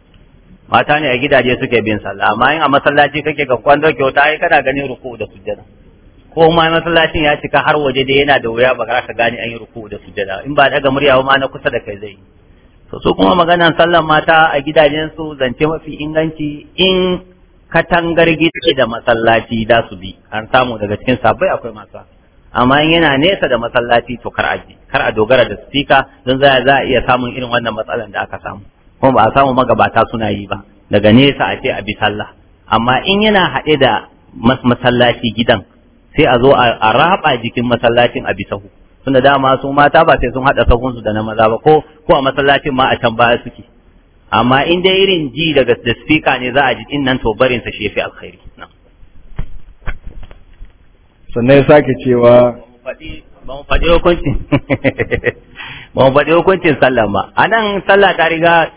Speaker 1: mata ne a gidaje suke bin sallah amma in a masallaci kake ga kwando kyauta ai kana ganin ruku da sujjada ko ma masallacin ya cika har waje da yana da wuya ba za ka gane an yi ruku da sujjada in ba daga murya ma na kusa da kai zai to su kuma maganan sallan mata a gidajen su zance mafi inganci in katangar gidaje da masallaci da su bi an samu daga cikin sabai akwai masa amma in yana nesa da masallaci to kar a kar a dogara da sifika don za a iya samun irin wannan matsalan da aka samu kuma ba a samu magabata suna yi ba daga nesa a ce a bi sallah amma in yana haɗe da masallaci gidan sai a zo a raba jikin masallacin a bi sahu tunda dama su mata ba sai sun haɗa sahunsu da na maza ba ko ko a masallacin ma a can baya suke amma in dai irin ji daga da speaker ne za a ji in nan to barin sa alkhairi
Speaker 2: sannan ya sake cewa
Speaker 1: ba mu faɗi hukuncin [laughs] ba mu faɗi ba anan sallah ta riga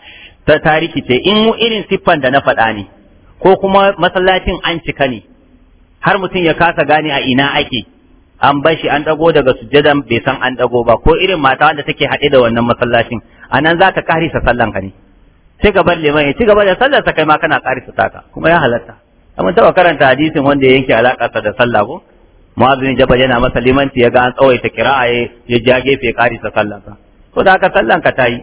Speaker 1: ta tariki ce in mu irin siffan da na faɗa ne ko kuma masallacin an cika ne har mutum ya kasa gane a ina ake an bashi an dago daga sujjadan bai san an dago ba ko irin mata wanda take haɗe da wannan masallacin a nan za ka karisa sallan ka ne sai ka bar liman ci gaba da sallar sa kai ma kana karisa taka kuma ya halatta amma taba karanta hadisin wanda yanke alakarsa da sallah ko Mu'adh bin yana masa limanci ya ga an tsawaita kira'a ya ja gefe karisa sallar sa ko da haka sallan ka tayi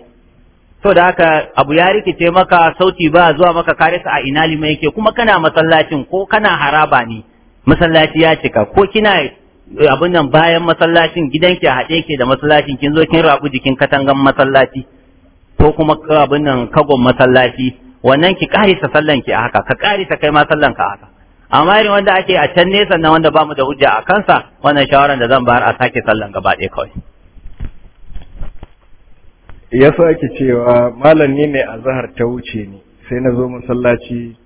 Speaker 1: to da haka abu ya rikice maka sauti ba zuwa maka kare a ina lima yake kuma kana masallacin ko kana haraba ne masallaci ya cika ko kina eh, abin nan bayan masallacin gidanki a haɗe ke da masallacin kin zo kin rabu jikin katangan masallaci ko kuma abin nan kagon masallaci wannan ki karisa sallan ki a haka ka karisa kai ma sallan ka haka amma irin wanda ake a can nesa na wanda bamu da hujja a kansa wannan shawaran da zan bayar a sake sallan gaba ɗaya kawai
Speaker 2: ya sake cewa malam ni ne a zahar ta wuce ne, sai na zo masallaci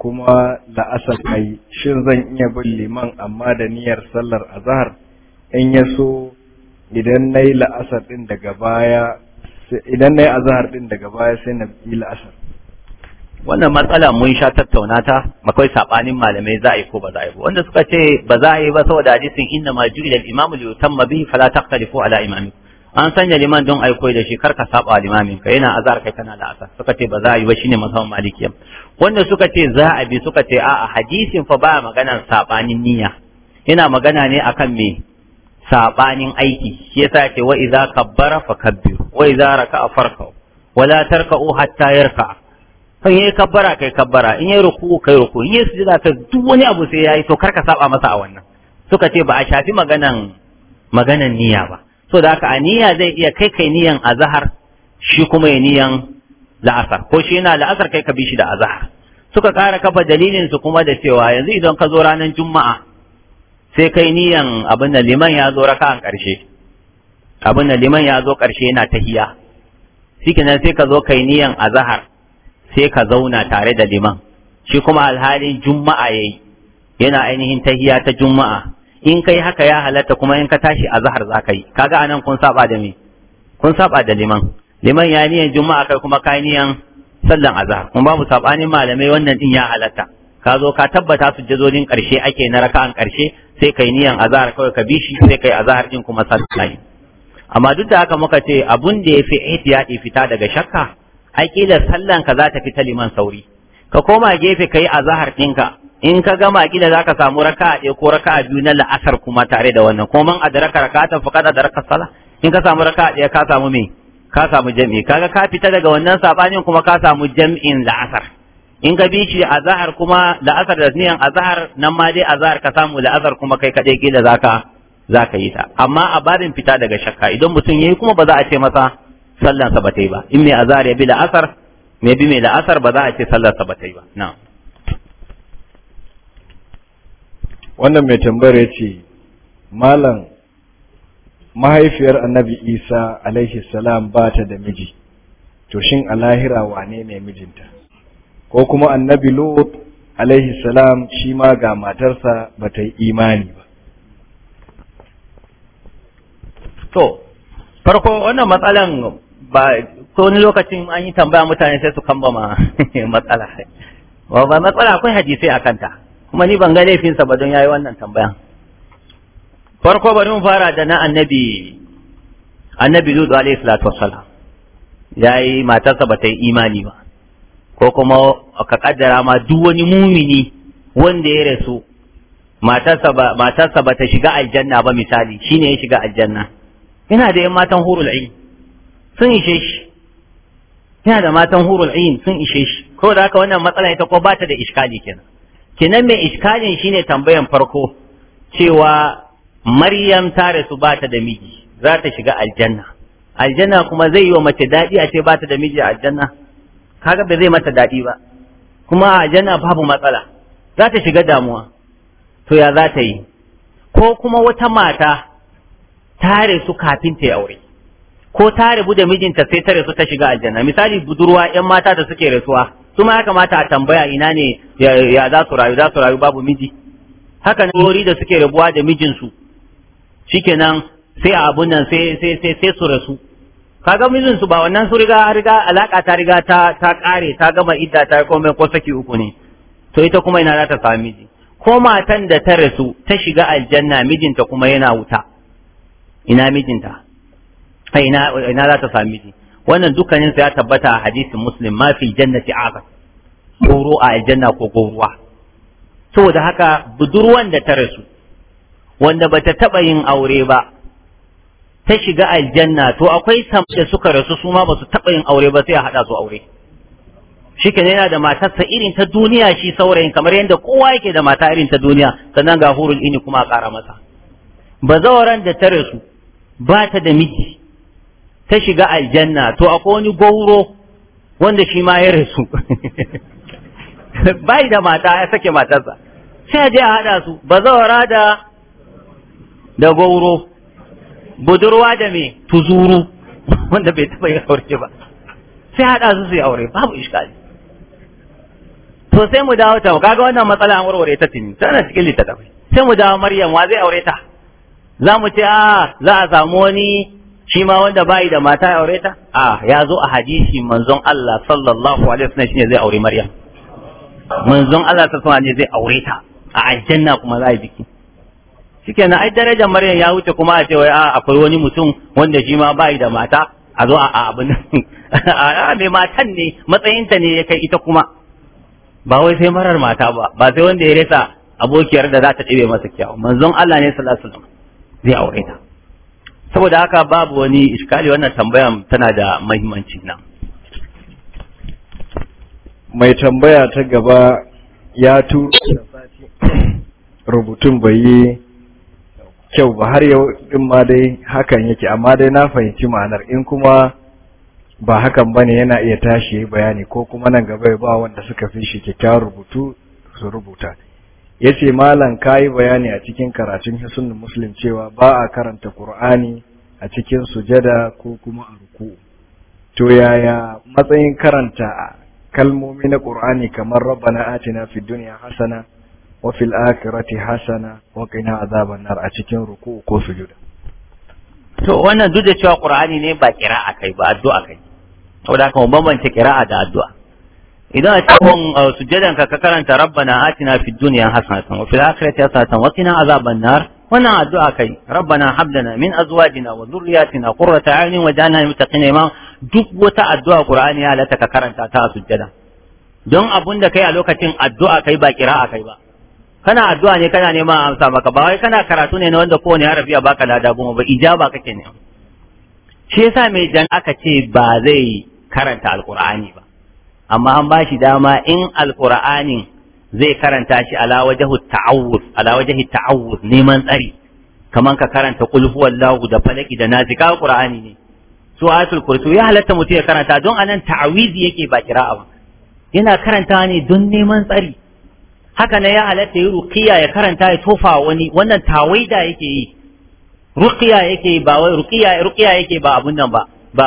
Speaker 2: kuma la'asar ai shin zan iya bin liman amma da niyyar sallar azahar in ya so idan na yi la'asar din daga baya idan na yi azahar din daga baya sai na yi la'asar
Speaker 1: wannan matsala mun sha tattauna ta makwai sabanin malamai za a yi ko ba za a yi ba wanda suka ce ba za a yi ba saboda hadisin inna ma ju'ila al-imamu li yutamma bihi fala taqtalifu ala imamikum an sanya liman don aiko da shi karka ka saba limamin ka yana azar kai kana da asar suka ce ba za a yi ba shine mazhaban malikiya wanda suka ce za a bi suka ce a'a hadisin fa ba maganar sabanin niyya yana magana ne akan me sabanin aiki shi yasa ce wa idza kabbara kabbir wa idza raka'a farka wala tarka'u hatta yarka in yayi kabbara kai kabbara in yayi ruku kai ruku in yayi sujada kai duk wani abu sai yayi to karka saba masa a wannan suka ce ba a shafi maganan maganan niyya ba so da haka aniya zai iya kai kai niyan azhar shi kuma ya niyan la'asar ko shi yana la'asar kai ka bi shi da azhar suka kara kafa dalilin su kuma da cewa yanzu idan ka zo ranar juma'a sai kai niyan abin da liman ya zo raka'an karshe abin da liman ya zo karshe yana tahiya shikenan sai ka zo kai niyan azhar sai ka zauna tare da liman shi kuma alhalin juma'a yayi yana ainihin tahiya ta juma'a in kai haka ya halatta kuma in ka tashi a zahar za ka yi kaga anan kun saba da me kun saba da liman liman ya niyan juma'a kai kuma ka niyan sallan azhar kuma babu sabanin malamai wannan din ya halatta ka zo ka tabbata su sujjadodin karshe ake na raka'an karshe sai kai niyan azhar kawai ka bi shi sai kai azhar din kuma sallah amma duk da haka muka ce abun da yafi ihtiyadi fita daga shakka ai sallar sallan ka za ta fita liman sauri ka koma gefe kai azhar ɗinka in ka gama kila za ka samu raka a ɗaya ko raka a biyu na la'asar kuma tare da wannan kuma man ta rakatan faqad adraka sala in ka samu raka a ɗaya ka samu me ka samu jam'i kaga ka fita daga wannan sabanin kuma ka samu jami'in la'asar in ka bi a azhar kuma la'asar da niyan azhar nan ma dai azhar ka samu la'asar kuma kai kadai kila za ka yi ta amma a babin fita daga shakka idan mutum yayi kuma ba za a ce masa sallan sa ba ta yi ba in mai azhar ya bi la'asar mai bi mai la'asar ba za a ce sallar sa ba ta yi ba na'am
Speaker 2: wannan mai tambayar ya ce malam mahaifiyar annabi isa alaihi salam ba ta da miji to shin a lahira wane ne mijinta ko kuma annabi lot alaihi salam shi ma ga matarsa ba ta yi imani ba to farko wannan matsalan ba ko wani lokacin
Speaker 1: an yi tambaya mutane sai su ma [laughs] matsala ba matsala akwai hadisai a kanta kuma ni ban ga laifinsa ba don yayi wannan tambayan farko bari mu fara da na annabi annabi Lutu alayhi salatu wassalam yayi matarsa ba ta yi imani ba ko kuma ka kaddara ma duk wani mumini wanda ya rasu matarsa ba ba ta shiga aljanna ba misali shine ya shiga aljanna Ina da yan matan hurul ain sun ishe shi Ina da matan hurul ain sun ishe shi ko da haka wannan matsala ita ko ba ta da iskali kenan kinan mai iskalin shine tambayan farko cewa maryam ta rasu ba ta da miji za ta shiga aljanna aljanna kuma zai yi wa mace daɗi a ce ba ta da miji a aljanna kaga ba zai mata daɗi ba kuma a aljanna babu matsala za ta shiga damuwa to ya za ta yi ko kuma wata mata ta rasu kafin ta yi aure ko ta rabu da mijinta sai ta rasu ta shiga aljanna misali budurwa yan mata da suke rasuwa su ma ya kamata a tambaya ina ne ya za su rayu za su rayu babu miji haka nan wuri da suke rabuwa da mijinsu shikenan sai a abun nan sai sai sai sai su rasu kaga mijin su ba wannan su riga riga alaka ta riga ta ta kare ta gama idda ta mai ko saki uku ne to ita kuma ina za ta sami miji ko matan da ta rasu ta shiga aljanna mijinta kuma yana wuta ina mijinta ina ina za ta sami miji wannan dukkanin ya tabbata a hadisin muslim ma fi jannati aqas goro a aljanna ko goruwa saboda haka budurwan da ta rasu wanda bata taba yin aure ba ta shiga aljanna to akwai da suka rasu su ma ba su taɓa yin aure ba sai a haɗa su aure shi yana da matarsa irin ta duniya shi saurayin kamar yadda kowa yake da mata irin ta duniya sannan ga hurul ini kuma a ƙara masa bazawaran da ta rasu ba ta da miji ta shiga aljanna to akwai wani gauro wanda shi ma ya rasu [laughs] bai da mata ya sake matarsa sai je a haɗa su ba zawara da da gauro budurwa da me tuzuru [laughs] wanda bai taɓa yin aure ba sai haɗa su su yi aure babu iskali to sai mu dawo ta kaga wannan matsala an warware ta tuni tana cikin littattafai sai mu dawo maryam wa zai aure ta za mu ce a ah, za a samu wani shi ma wanda bai da mata ya aure ta a ya zo a hadisi manzon Allah sallallahu alaihi wasallam shine zai aure Maryam manzon Allah sallallahu alaihi wasallam zai aure ta a aljanna kuma za a yi biki shikenan ai darajar Maryam ya wuce kuma a ce wai a akwai wani mutum wanda shi ma bai da mata a zo a abin [laughs] a mai matan ne matsayinta ne ya kai ita kuma ba wai sai marar mata ba ba sai wanda ya rasa abokiyar da za ta ɗebe masa kyawu manzon Allah ne sallallahu alaihi wasallam zai aure ta saboda haka babu wani iskali wannan tambaya tana da mahimmanci nan
Speaker 2: mai tambaya ta gaba ya tu rubutun bai yi kyau ba har yau din ma dai hakan yake amma dai na fahimci ma'anar in kuma ba hakan bane yana iya tashi bayani ko kuma nan gaba ba wanda suka fi shi kyakkyawar rubutu su rubuta ya ce malam kayi bayani a cikin karatun hisunan muslim cewa ba a karanta ƙur'ani a cikin sujada ko kuma a ruku
Speaker 1: to yaya
Speaker 2: matsayin karanta kalmomi na ƙur'ani kamar rabbana atina fid dunya hasana wa fil akhirati hasana wa qina azaban nar a cikin ruku ko sujuda
Speaker 1: to wannan duk da cewa qur'ani ne ba kira'a kai ba addu'a kai saboda haka mu bambance da addu'a idan a cikin uh, sujjadan ka karanta rabbana atina fid dunya hasanatan wa fil akhirati hasanatan wa qina azaban nar wannan addu'a kai rabbana hab lana min azwajina wa dhurriyyatina qurrata a'yunin waj'alna lil muttaqina imam duk wata addu'a qur'ani ya halatta ka karanta ta sujjada don abunda da kai a lokacin addu'a kai ba qira'a kai ba kana addu'a ne kana neman amsa maka ba wai kana karatu ne na wanda kowane harafi ya baka lada goma ba ijaba kake ne shi yasa mai jan aka ce ba zai karanta alqur'ani ba amma an ba shi dama in alkur'ani zai karanta shi ala wajahu ta'awuz ala wajahi ta'awuz neman tsari kaman ka karanta qul huwallahu da falaki da nazika ka qur'ani ne su ayatul kursi ya halatta mutum ya karanta don anan ta'awizi yake ba kira'a ba yana karanta ne don neman tsari haka na ya halatta yi ruqiya ya karanta ya tofa wani wannan tawaida yake yi ruqiya yake ba wai ruqiya ruqiya yake ba abun nan ba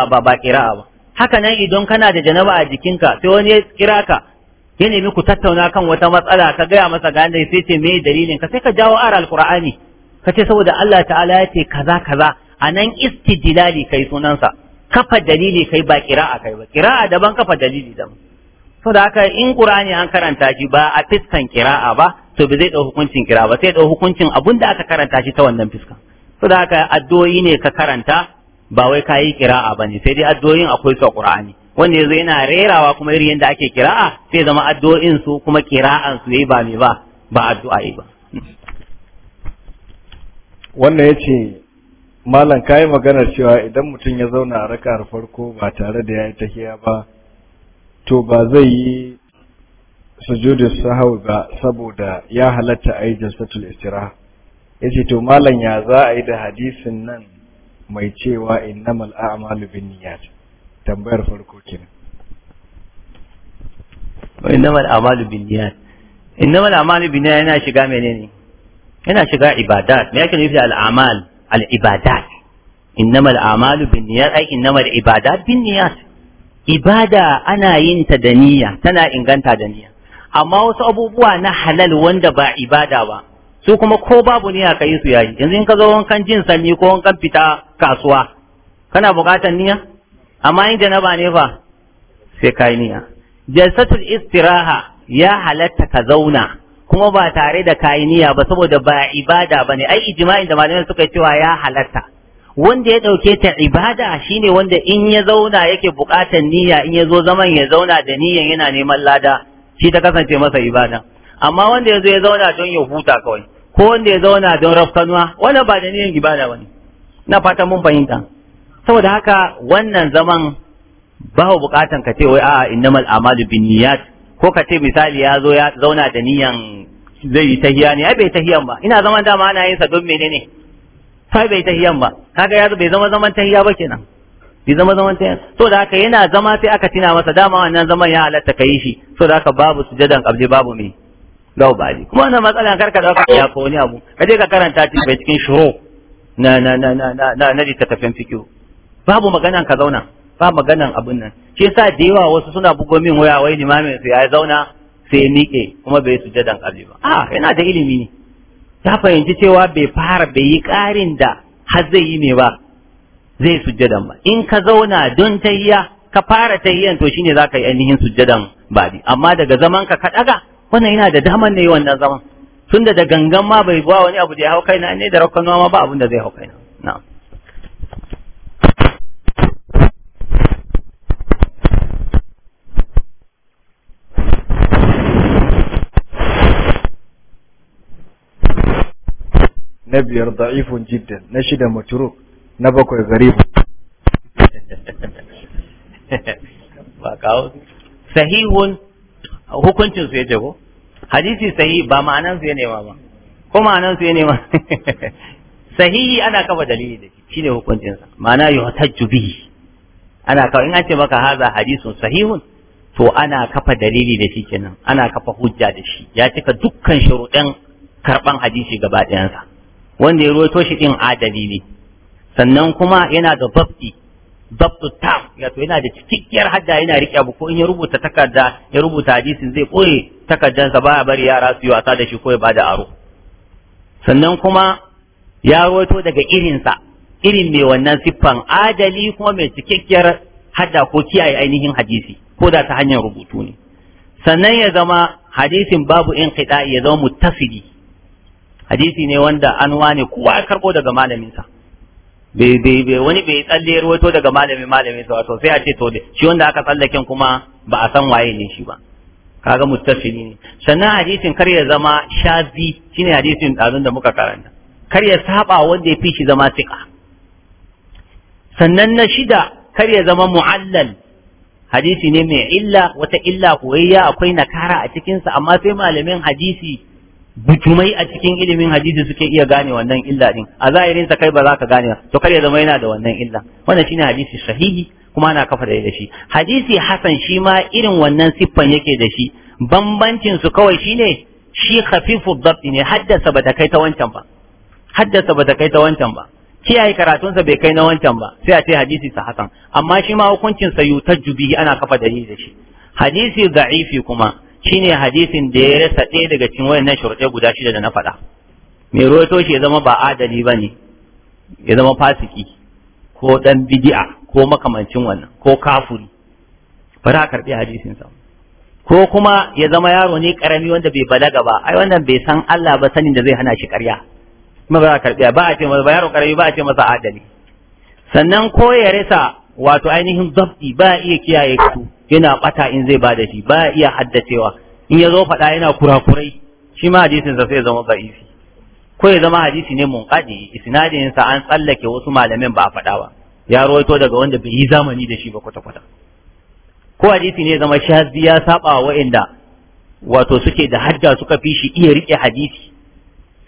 Speaker 1: ba ba kira'a ba haka nan idan kana da janaba a jikinka sai wani ya kira ka ya nemi ku tattauna kan wata matsala ka gaya masa ga ne sai ce me dalilin ka sai ka jawo ara alqur'ani ka ce saboda Allah ta'ala ya ce kaza kaza nan istidlali kai sunansa kafa dalili kai ba kira'a kai ba kira'a daban kafa dalili daban saboda haka in qur'ani an karanta shi ba a fiskan kira'a ba to ba zai dau hukuncin kira'a ba sai dau hukuncin abinda aka karanta shi ta wannan fiskan saboda haka addu'o'i ne ka karanta ba wai kayi kira'a bane sai dai addu'o'in akwai su a Qur'ani wanda yazo yana rerawa kuma irin yadda ake kira'a sai zama addu'o'in su kuma kira'an su yayi ba me ba ba addu'a yi ba
Speaker 2: wannan yace malam yi maganar cewa idan mutum ya zauna a raka'ar farko ba tare da yayi tahiya ba to ba zai yi sujudu sahawi ba saboda ya halatta ayi jalsatul istiraha yace to malam ya za a yi da hadisin nan mai cewa innamal a'malu binniyat tambayar farko kenan
Speaker 1: wa innamal a'malu binniyat innamal a'malu binniyat yana shiga menene yana shiga ibadat me yake nufi al-a'mal al-ibadat innamal a'malu binniyat ai innamal ibadat binniyat ibada ana yin ta da niyya tana inganta da niyya amma wasu abubuwa na halal wanda ba ibada ba su kuma ko babu niyya ka yi su yayi yanzu in ka zo wankan jin sanyi ko wankan fita kasuwa kana buƙatar niyya amma in janaba ne fa sai ka yi niyya jalsatul istiraha ya halatta ka zauna kuma ba tare da kayi niyya ba saboda ba ibada bane ai ijma'in da malamai suka cewa ya halatta wanda ya ɗauke ta ibada shine wanda in ya zauna yake buƙatar niyya in ya zo zaman ya zauna da niyyan yana neman lada shi ta kasance masa ibada amma wanda ya zo ya zauna don ya huta kawai ko wanda ya zauna don rafkanuwa wannan ba da niyan ibada ne, na fatan mun fahimta saboda haka wannan zaman babu bukatan ka ce wai a'a innamal a'malu binniyat ko ka ce misali ya zo ya zauna da niyan zai yi tahiya ne ai bai tahiyan ba ina zaman dama ana yin sa don menene sai bai tahiyan ba kaga ya bai zama zaman tahiya ba kenan bai zama zaman tahiya so da haka yana zama sai aka tina masa dama wannan zaman ya halatta ka yi shi so da haka babu sujadan qabli babu me ba bali kuma wannan matsala kar ka dauka ya ko wani abu ka je ka karanta ta bai cikin shuru na na na na na na na littafin fikiyo babu maganan ka zauna ba maganan abin nan shi yasa da yawa wasu suna bugo min waya wai limamin su ya zauna sai ya nike kuma bai sujadan kabli ba a ah, yana da ilimi ne ta fahimci cewa bai fara bai yi ƙarin da har zai yi ne ba zai sujjadan ba in ka zauna don tahiya ka fara tahiyan to shine zaka yi ainihin sujjadan ba amma daga zaman ka ka daga wannan yana da daman ne wannan zaman tunda da gangan ma bai ba wani abu da ya hau kaina ne da rakkanuwa ma ba abin da zai hau kaina na'am
Speaker 2: na biyar da'ifun jiddan na shida maturuk na bakwai garibu
Speaker 1: [laughs] ba kawo sahihun hukuncin su yace ko hadisi sahihi ba ma'anan su ya nema ba ko ma'anan su ya nema [laughs] sahihi ana kafa dalili da shi shine hukuncin sa ma'ana yuhtajju bihi ana kawo in an ce maka haza hadisun sahihun to ana kafa dalili da shi kenan ana kafa hujja da shi ya cika dukkan shuruɗin karɓan hadisi gaba ɗayansa wanda ya ruwaito shi ɗin adali ne sannan kuma yana da babti zabtu tam wato yana da cikakkiyar hadda yana rike abu ko in ya rubuta takarda ya rubuta hadisin zai koye sa baya bari yara su yi wasa da shi ko ya bada aro sannan kuma ya rawaito daga irin sa irin mai wannan siffan adali kuma mai cikakkiyar hadda ko kiyaye ainihin hadisi ko da ta hanyar rubutu ne sannan ya zama hadisin babu in ya zama muttasili hadisi ne wanda an wane kowa ya karbo daga malaminsa bai wani bai tsalle ruwaito daga malami malami sa wato sai a ce to shi wanda aka tsallakin kuma ba a san waye ne shi ba kaga muttafili ne sannan hadisin kar ya zama shazi shine hadisin ɗazun da muka karanta kar ya saba wanda ya fi shi zama tsika sannan na shida kar ya zama mu'allal hadisi ne mai illa wata illa koyayya akwai nakara a cikinsa amma sai malamin hadisi butumai a cikin ilimin hadisi suke iya gane wannan illa din a zahirin sa kai ba za ka gane to kar ya zama yana da wannan illa wannan shine hadisi sahihi kuma ana kafa da shi hadisi hasan shi ma irin wannan siffan yake da shi bambancin su kawai shine shi khafifu dhabt ne haddasa bata kai ta wancan ba haddasa bata kai ta wancan ba kiyaye karatunsa bai kai na wancan ba sai a ce hadisi sa hasan amma shi ma hukuncin sa yutajju bihi ana kafa dalili da shi hadisi da'ifi kuma Shi ne hadisin da ya rasa ɗaya daga cikin wayannan shurɗe guda shida da na faɗa mai ruwaito shi ya zama ba adali ba ne ya zama fasiki ko ɗan bidi'a ko makamancin wannan ko kafuri ba za a karɓi hadisinsa ko kuma ya zama yaro ne ƙarami wanda bai balaga ba ai wannan bai san Allah ba sanin da zai hana shi ƙarya kuma ba za a karɓi ba a ce masa yaro ƙarami ba a ce masa adali sannan ko ya rasa wato ainihin zabti ba iya kiyaye su yana bata in zai bada shi ba iya haddacewa in ya zo faɗa yana kurakurai shi ma hadisinsa sai zama ba'ifi ko ya zama hadisi ne mun isnadin sa an tsallake wasu malamin ba a faɗa ba ya rawaito daga wanda bai yi zamani da shi ba kwata kwata ko hadisi ne zama shi ya saba wa'inda wato suke da hajja suka fi shi iya rike hadisi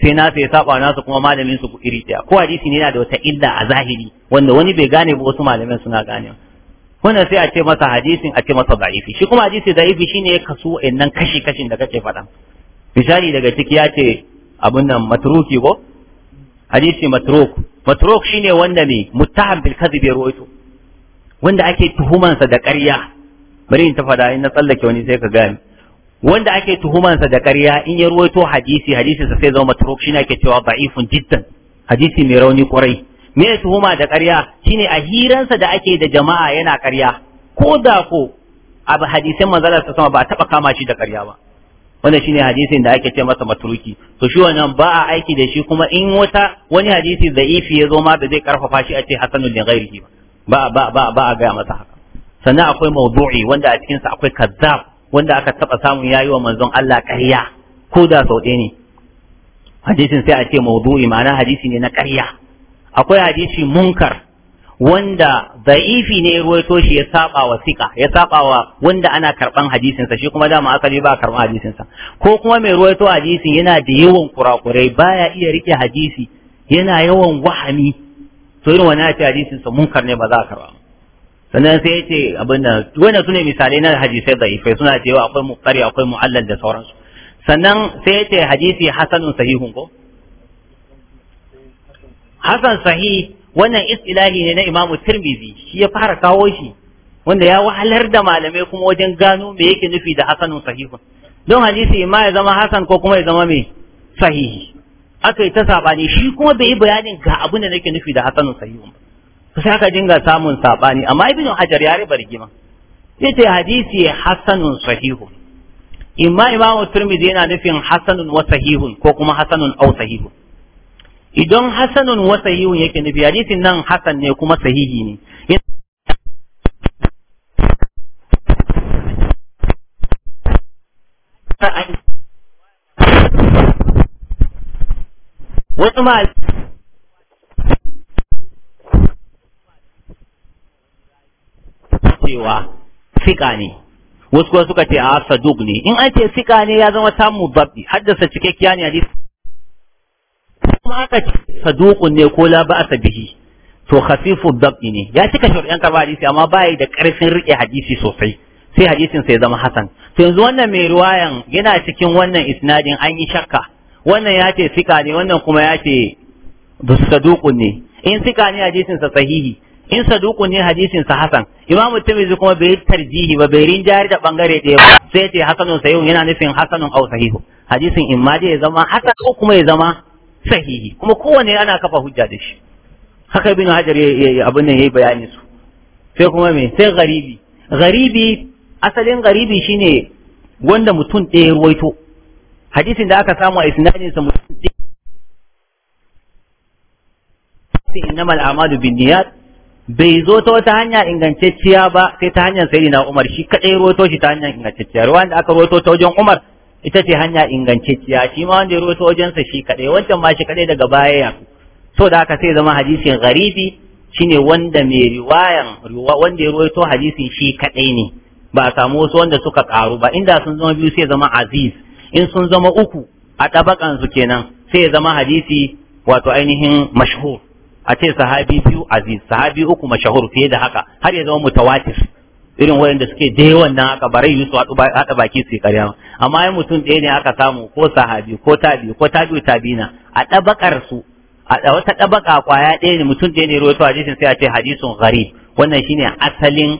Speaker 1: sai na ya saba nasu kuma malamin su iri daya ko hadisi ne yana da wata illa a zahiri wanda wani bai gane ba wasu malaman suna gane wannan sai a ce masa hadisin a ce masa da'ifi shi kuma hadisi da'ifi shine ya kasu wa'annan kashi kashin da kace faɗa misali daga ciki ya ce abun nan matruki ko hadisi matruk matruk shine wanda ne muttaham bil kadhib ya ruwaito wanda ake tuhumansa da ƙarya bari in ta faɗa in na tsallake wani sai ka gane wanda ake tuhumansa da ƙarya in ya ruwaito hadisi hadisinsa sai zama matruk shine ake cewa da'ifun jiddan hadisi mai rauni kwarai me tuhuma da ƙarya shine a hiransa da ake da jama'a yana ƙarya ko da ko a hadisin manzalar sa sama ba taɓa kama shi da ƙarya ba wannan shine hadisin da ake ce masa matruki to shi wannan ba a aiki da shi kuma in wata wani hadisi da'ifi ya zo ma da zai karfafa shi a ce hasanun li ghairihi ba ba ba ba ga masa haka sannan akwai mawdu'i wanda a cikin sa akwai kazzab wanda aka taɓa samun yayi wa manzon Allah ƙarya ko da sau ɗaya ne hadisin sai a ce maudu'i ma'ana hadisi ne na ƙarya akwai hadisi munkar wanda za'ifi ne ya ruwaito shi ya saba wa sika ya saba wa wanda ana karban hadisinsa shi kuma dama asali ba karban hadisinsa ko kuma mai ruwaito hadisin yana da yawan kurakurai baya iya rike hadisi yana yawan wahami to irin ya ce hadisinsa munkar ne ba za a karba sannan sai ya ce abin da su ne misalai na hadisai da'ifai suna cewa akwai mukari akwai mu'allal da sauransu sannan sai ya ce hadisi hasanun sahihun ko hasan sahih wannan istilahi ne na imamu tirmizi shi ya fara kawo shi wanda ya wahalar da malamai kuma wajen gano me yake nufi da hasanun sahihun don hadisi ma ya zama hasan ko kuma ya zama mai sahihi aka yi ta sabani shi kuma bai yi bayanin ga abin da nake nufi da hasanun sahihun ba sai aka dinga samun sabani amma ibn hajar ya riba rigima yace hadisi hasanun sahihu imma imamu turmidi yana nufin hasanun wa sahihun ko kuma hasanun au sahihun idan hasanun wa sahihun yake nufi hadisin nan hasan ne kuma sahihi ne wasu ma cewa fika ne wasu kuma suka ce a saduk ne in an ce fika ne ya zama samu babbi haddasa cikakkiya ne hadisi kuma aka ce sadukun ne ko la ba'asa bihi to khafifu dabbi ne ya cika shari'an karba hadisi amma bai da karfin rike hadisi sosai sai hadisin sai zama hasan to yanzu wannan mai ruwayan yana cikin wannan isnadin an yi shakka wannan ya ce fika ne wannan kuma ya ce saduqun ne in sika ne hadisin sa sahihi in saduku ne hadisin sa hasan imam tirmidhi kuma bai tarjihi ba bai rinjari da bangare ɗaya ba sai ce Hassanun sayyun yana nufin Hassanun aw sahihu hadisin in ma ya zama hasan ko kuma ya zama sahihi kuma kowane ana kafa hujja da shi haka ibn hajar abin nan yayi bayanin su sai kuma me sai garibi garibi asalin garibi shine wanda mutum ɗaya ruwaito hadisin da aka samu a isnadin sa mutum ɗaya innamal a'malu binniyat bai zo ta wata hanya ingantacciya ba sai ta hanyar na Umar shi kadai roto shi ta hanyar ingantacciya ruwan da aka roto ta wajen Umar ita ce hanya ingantacciya shi ma wanda ya roto wajen sa shi kadai wancan ma shi kadai daga baya ya so da aka sai zama hadisin gharibi shine wanda mai riwayan wanda ya roto hadisin shi kadai ne ba a samu wasu wanda suka karu ba inda sun zama biyu sai zama aziz in sun zama uku a tabakan su kenan sai ya zama hadisi wato ainihin mashhur a ce sahabi biyu aziz sahabi uku mashahur fiye da haka har ya zama mutawatir irin wayanda suke da yawan nan aka bare yi su haɗa baki su karya amma ai mutum ɗaya ne aka samu ko sahabi ko tabi ko tabi tabina a ɗabakar su a wata ɗabaka kwaya ɗaya ne mutum ɗaya ne rawaito hadisin sai a ce hadisun gharib wannan shine asalin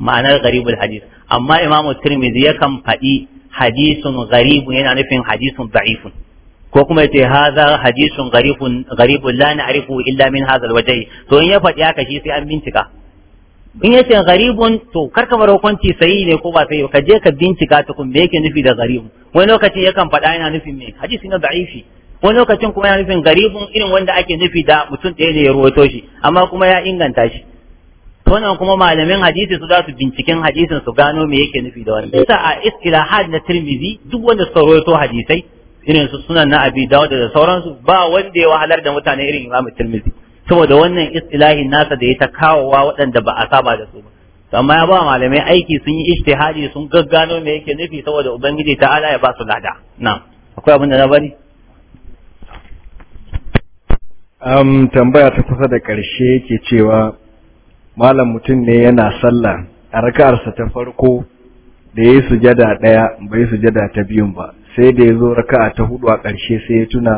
Speaker 1: ma'anar garibul hadis amma imamu tirmidhi yakan faɗi hadisun gharibun yana nufin hadisun da'ifun ko kuma yace hadha hadithun gharibun gharibun la na'rifu illa min hadha alwajh to in ya faɗi haka shi sai an bincika in yace gharibun to karka bar hukunci sai ne ko ba sai ka je ka bincika tukun me yake nufi da gharibun wani lokaci yakan faɗa yana nufin me hadisi na da'ifi wani lokacin kuma yana nufin garibun irin wanda ake nufi da mutum ɗaya ne ya ruwaito shi amma kuma ya inganta shi wannan kuma malamin hadisi su za su binciken hadisin su gano me yake nufi da wannan yasa a istilahat na tirmizi duk wanda suka ruwaito hadisai irin su sunan na abi dawud da sauransu ba wanda ya wahalar da mutane irin imamu tirmidhi saboda wannan istilahin nasa da ya ta kawowa waɗanda ba a saba da su ba to amma ya ba malamai aiki sun yi ijtihadi sun gaggano me yake nufi saboda ubangiji ala ya ba su lada na akwai abin da na bari
Speaker 2: um, tambaya ta kusa da ƙarshe yake cewa malam mutum ne yana sallah a raka'arsa ta farko da ya yi sujada ɗaya bai sujada ta biyun ba sai da ya zo raka'a ta hudu a ƙarshe sai ya tuna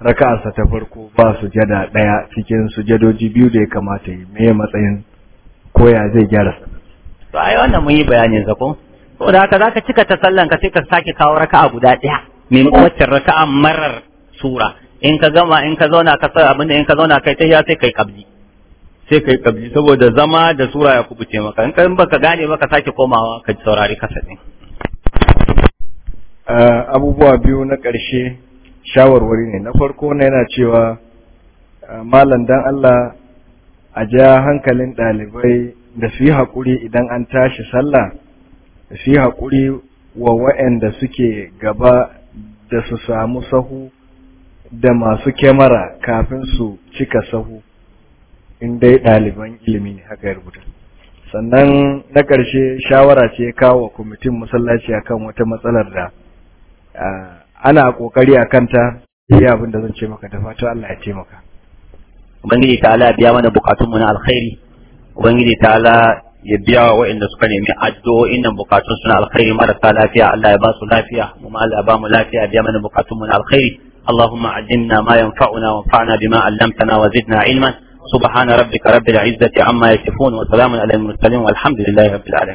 Speaker 2: raka'arsa ta farko ba su jada ɗaya cikin su jadoji biyu da ya kamata yi me matsayin koya zai gyara sa. to ai wannan mun yi bayani zako
Speaker 1: ko da haka zaka cika ta sallan ka sai ka sake kawo raka'a guda ɗaya
Speaker 2: maimakon wacce raka'a marar
Speaker 1: sura in ka gama in ka zauna ka sa abinda in ka zauna kai ta sai kai kabli sai kai kabli saboda zama da sura ya kubuce maka in ka baka gane baka sake komawa ka saurari kasadin
Speaker 2: abubuwa biyu na ƙarshe shawarwari ne na farko na yana cewa malam dan Allah a ja hankalin ɗalibai da su yi haƙuri idan an tashi sallah da su yi haƙuri wa waɗanda suke gaba da su samu sahu da masu kyamara kafin su cika sahu in dai ɗaliban ilimi ne haka ya rubuta sannan na ƙarshe shawara ce kawo kwamitin masallaci akan wata matsalar da Ah, ana kokari a kanta sai abin da zan ce maka da fatan Allah ya taimaka
Speaker 1: ubangiji ta'ala biya mana bukatunmu na alkhairi ubangiji ta'ala ya biya wa waɗanda suka nemi addu'o'in nan bukatun suna alkhairi marasa lafiya Allah ya ba su lafiya kuma Allah ya ba mu lafiya biya mana bukatun mu na alkhairi اللهم علمنا ما ينفعنا وانفعنا بما علمتنا وزدنا علما سبحان ربك رب العزة عما يصفون وسلام على المرسلين والحمد لله رب العالمين